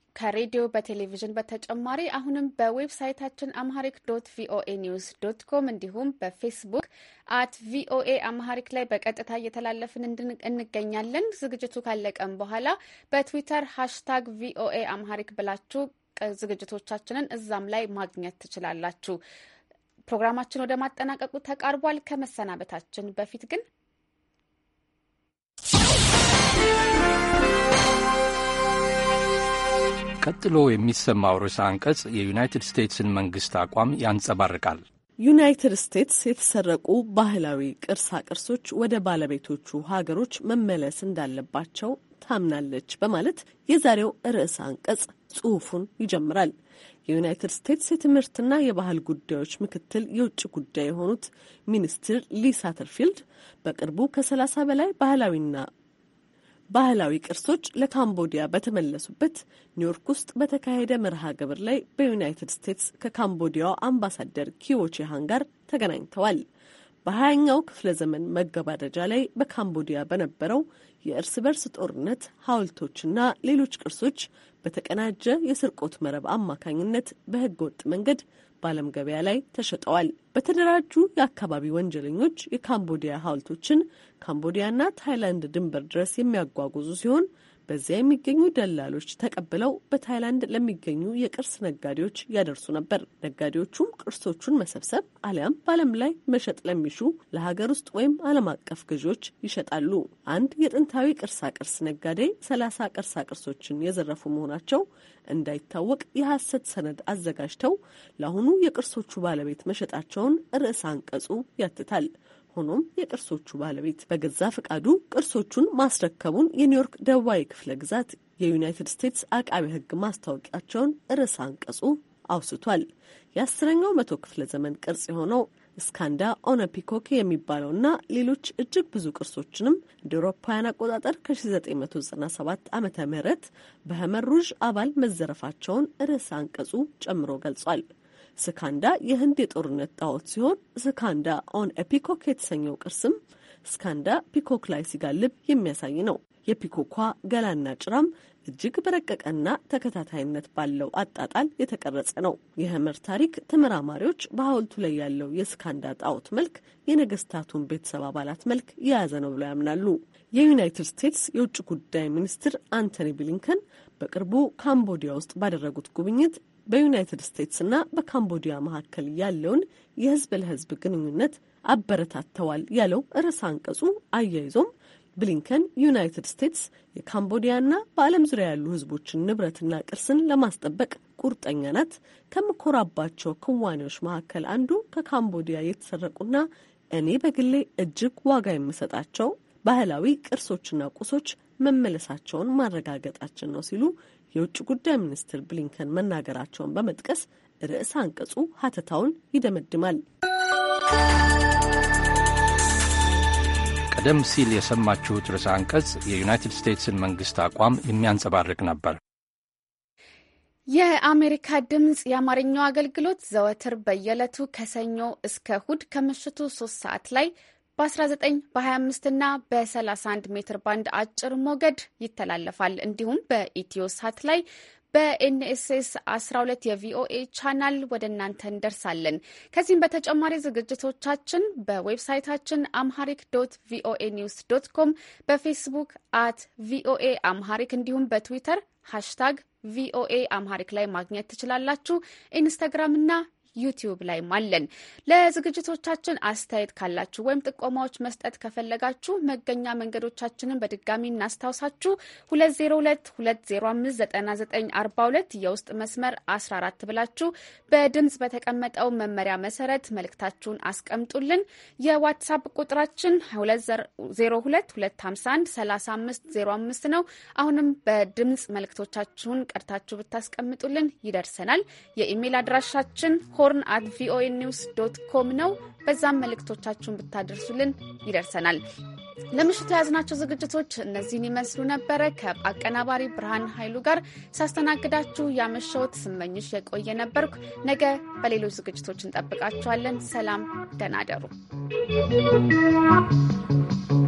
ከሬዲዮ በቴሌቪዥን በተጨማሪ አሁንም በዌብሳይታችን አምሃሪክ ዶት ቪኦኤ ኒውስ ዶት ኮም እንዲሁም በፌስቡክ አት ቪኦኤ አምሃሪክ ላይ በቀጥታ እየተላለፍን እንገኛለን። ዝግጅቱ ካለቀም በኋላ በትዊተር ሃሽታግ ቪኦኤ አምሃሪክ ብላችሁ ዝግጅቶቻችንን እዛም ላይ ማግኘት ትችላላችሁ። ፕሮግራማችን ወደ ማጠናቀቁ ተቃርቧል። ከመሰናበታችን በፊት ግን ቀጥሎ የሚሰማው ርዕሰ አንቀጽ የዩናይትድ ስቴትስን መንግስት አቋም ያንጸባርቃል። ዩናይትድ ስቴትስ የተሰረቁ ባህላዊ ቅርሳ ቅርሶች ወደ ባለቤቶቹ ሀገሮች መመለስ እንዳለባቸው ታምናለች በማለት የዛሬው ርዕሰ አንቀጽ ጽሑፉን ይጀምራል። የዩናይትድ ስቴትስ የትምህርትና የባህል ጉዳዮች ምክትል የውጭ ጉዳይ የሆኑት ሚኒስትር ሊሳ ተርፊልድ በቅርቡ 30 በላይ ባህላዊና ባህላዊ ቅርሶች ለካምቦዲያ በተመለሱበት ኒውዮርክ ውስጥ በተካሄደ መርሃ ግብር ላይ በዩናይትድ ስቴትስ ከካምቦዲያው አምባሳደር ኪዎቼሃን ጋር ተገናኝተዋል። በሀያኛው ክፍለ ዘመን መገባደጃ ላይ በካምቦዲያ በነበረው የእርስ በርስ ጦርነት ሐውልቶችና ሌሎች ቅርሶች በተቀናጀ የስርቆት መረብ አማካኝነት በሕገ ወጥ መንገድ በዓለም ገበያ ላይ ተሸጠዋል። በተደራጁ የአካባቢ ወንጀለኞች የካምቦዲያ ሀውልቶችን ካምቦዲያና ታይላንድ ድንበር ድረስ የሚያጓጉዙ ሲሆን በዚያ የሚገኙ ደላሎች ተቀብለው በታይላንድ ለሚገኙ የቅርስ ነጋዴዎች ያደርሱ ነበር። ነጋዴዎቹም ቅርሶቹን መሰብሰብ አሊያም በዓለም ላይ መሸጥ ለሚሹ ለሀገር ውስጥ ወይም ዓለም አቀፍ ገዢዎች ይሸጣሉ። አንድ የጥንታዊ ቅርሳቅርስ ነጋዴ ሰላሳ ቅርሳቅርሶችን የዘረፉ መሆናቸው እንዳይታወቅ የሐሰት ሰነድ አዘጋጅተው ለአሁኑ የቅርሶቹ ባለቤት መሸጣቸውን ርዕስ አንቀጹ ያትታል። ሆኖም የቅርሶቹ ባለቤት በገዛ ፈቃዱ ቅርሶቹን ማስረከቡን የኒውዮርክ ደቡባዊ ክፍለ ግዛት የዩናይትድ ስቴትስ አቃቢ ሕግ ማስታወቂያቸውን ርዕሰ አንቀጹ አውስቷል። የአስረኛው መቶ ክፍለ ዘመን ቅርጽ የሆነው እስካንዳ ኦነፒኮክ የሚባለውና ሌሎች እጅግ ብዙ ቅርሶችንም እንደ ኤውሮፓውያን አቆጣጠር ከ1997 ዓ ም በህመር ሩዥ አባል መዘረፋቸውን ርዕሰ አንቀጹ ጨምሮ ገልጿል። ስካንዳ የህንድ የጦርነት ጣዖት ሲሆን ስካንዳ ኦን ኤፒኮክ የተሰኘው ቅርስም ስካንዳ ፒኮክ ላይ ሲጋልብ የሚያሳይ ነው። የፒኮኳ ገላና ጭራም እጅግ በረቀቀና ተከታታይነት ባለው አጣጣል የተቀረጸ ነው። የህምር ታሪክ ተመራማሪዎች በሐውልቱ ላይ ያለው የስካንዳ ጣዖት መልክ የነገስታቱን ቤተሰብ አባላት መልክ የያዘ ነው ብለው ያምናሉ። የዩናይትድ ስቴትስ የውጭ ጉዳይ ሚኒስትር አንቶኒ ብሊንከን በቅርቡ ካምቦዲያ ውስጥ ባደረጉት ጉብኝት በዩናይትድ ስቴትስ ና በካምቦዲያ መካከል ያለውን የህዝብ ለህዝብ ግንኙነት አበረታተዋል ያለው ርዕሰ አንቀጹ አያይዞም ብሊንከን ዩናይትድ ስቴትስ የካምቦዲያና በዓለም ዙሪያ ያሉ ህዝቦችን ንብረትና ቅርስን ለማስጠበቅ ቁርጠኛ ናት። ከምኮራባቸው ክዋኔዎች መካከል አንዱ ከካምቦዲያ የተሰረቁና እኔ በግሌ እጅግ ዋጋ የምሰጣቸው ባህላዊ ቅርሶችና ቁሶች መመለሳቸውን ማረጋገጣችን ነው ሲሉ የውጭ ጉዳይ ሚኒስትር ብሊንከን መናገራቸውን በመጥቀስ ርዕሰ አንቀጹ ሀተታውን ይደመድማል። ቀደም ሲል የሰማችሁት ርዕሰ አንቀጽ የዩናይትድ ስቴትስን መንግስት አቋም የሚያንጸባርቅ ነበር። የአሜሪካ ድምፅ የአማርኛው አገልግሎት ዘወትር በየዕለቱ ከሰኞ እስከ እሁድ ከምሽቱ ሶስት ሰዓት ላይ በ19 በ25 እና በ31 ሜትር ባንድ አጭር ሞገድ ይተላለፋል። እንዲሁም በኢትዮ ሳት ላይ በኤንኤስኤስ 12 የቪኦኤ ቻናል ወደ እናንተ እንደርሳለን። ከዚህም በተጨማሪ ዝግጅቶቻችን በዌብሳይታችን አምሃሪክ ዶት ቪኦኤ ኒውስ ዶት ኮም፣ በፌስቡክ አት ቪኦኤ አምሃሪክ እንዲሁም በትዊተር ሃሽታግ ቪኦኤ አምሃሪክ ላይ ማግኘት ትችላላችሁ። ኢንስታግራም እና ዩቲዩብ ላይም አለን። ለዝግጅቶቻችን አስተያየት ካላችሁ ወይም ጥቆማዎች መስጠት ከፈለጋችሁ መገኛ መንገዶቻችንን በድጋሚ እናስታውሳችሁ። 2022059942 የውስጥ መስመር 14 ብላችሁ በድምፅ በተቀመጠው መመሪያ መሰረት መልእክታችሁን አስቀምጡልን። የዋትሳፕ ቁጥራችን 2022513505 ነው። አሁንም በድምፅ መልእክቶቻችሁን ቀድታችሁ ብታስቀምጡልን ይደርሰናል። የኢሜል አድራሻችን ሆርን አት ቪኦኤ ኒውስ ዶት ኮም ነው። በዛም መልእክቶቻችሁን ብታደርሱልን ይደርሰናል። ለምሽቱ የያዝናቸው ዝግጅቶች እነዚህን ይመስሉ ነበረ። ከአቀናባሪ ብርሃን ኃይሉ ጋር ሳስተናግዳችሁ ያመሸሁት ስመኝሽ የቆየ ነበርኩ። ነገ በሌሎች ዝግጅቶች እንጠብቃችኋለን። ሰላም፣ ደህና እደሩ።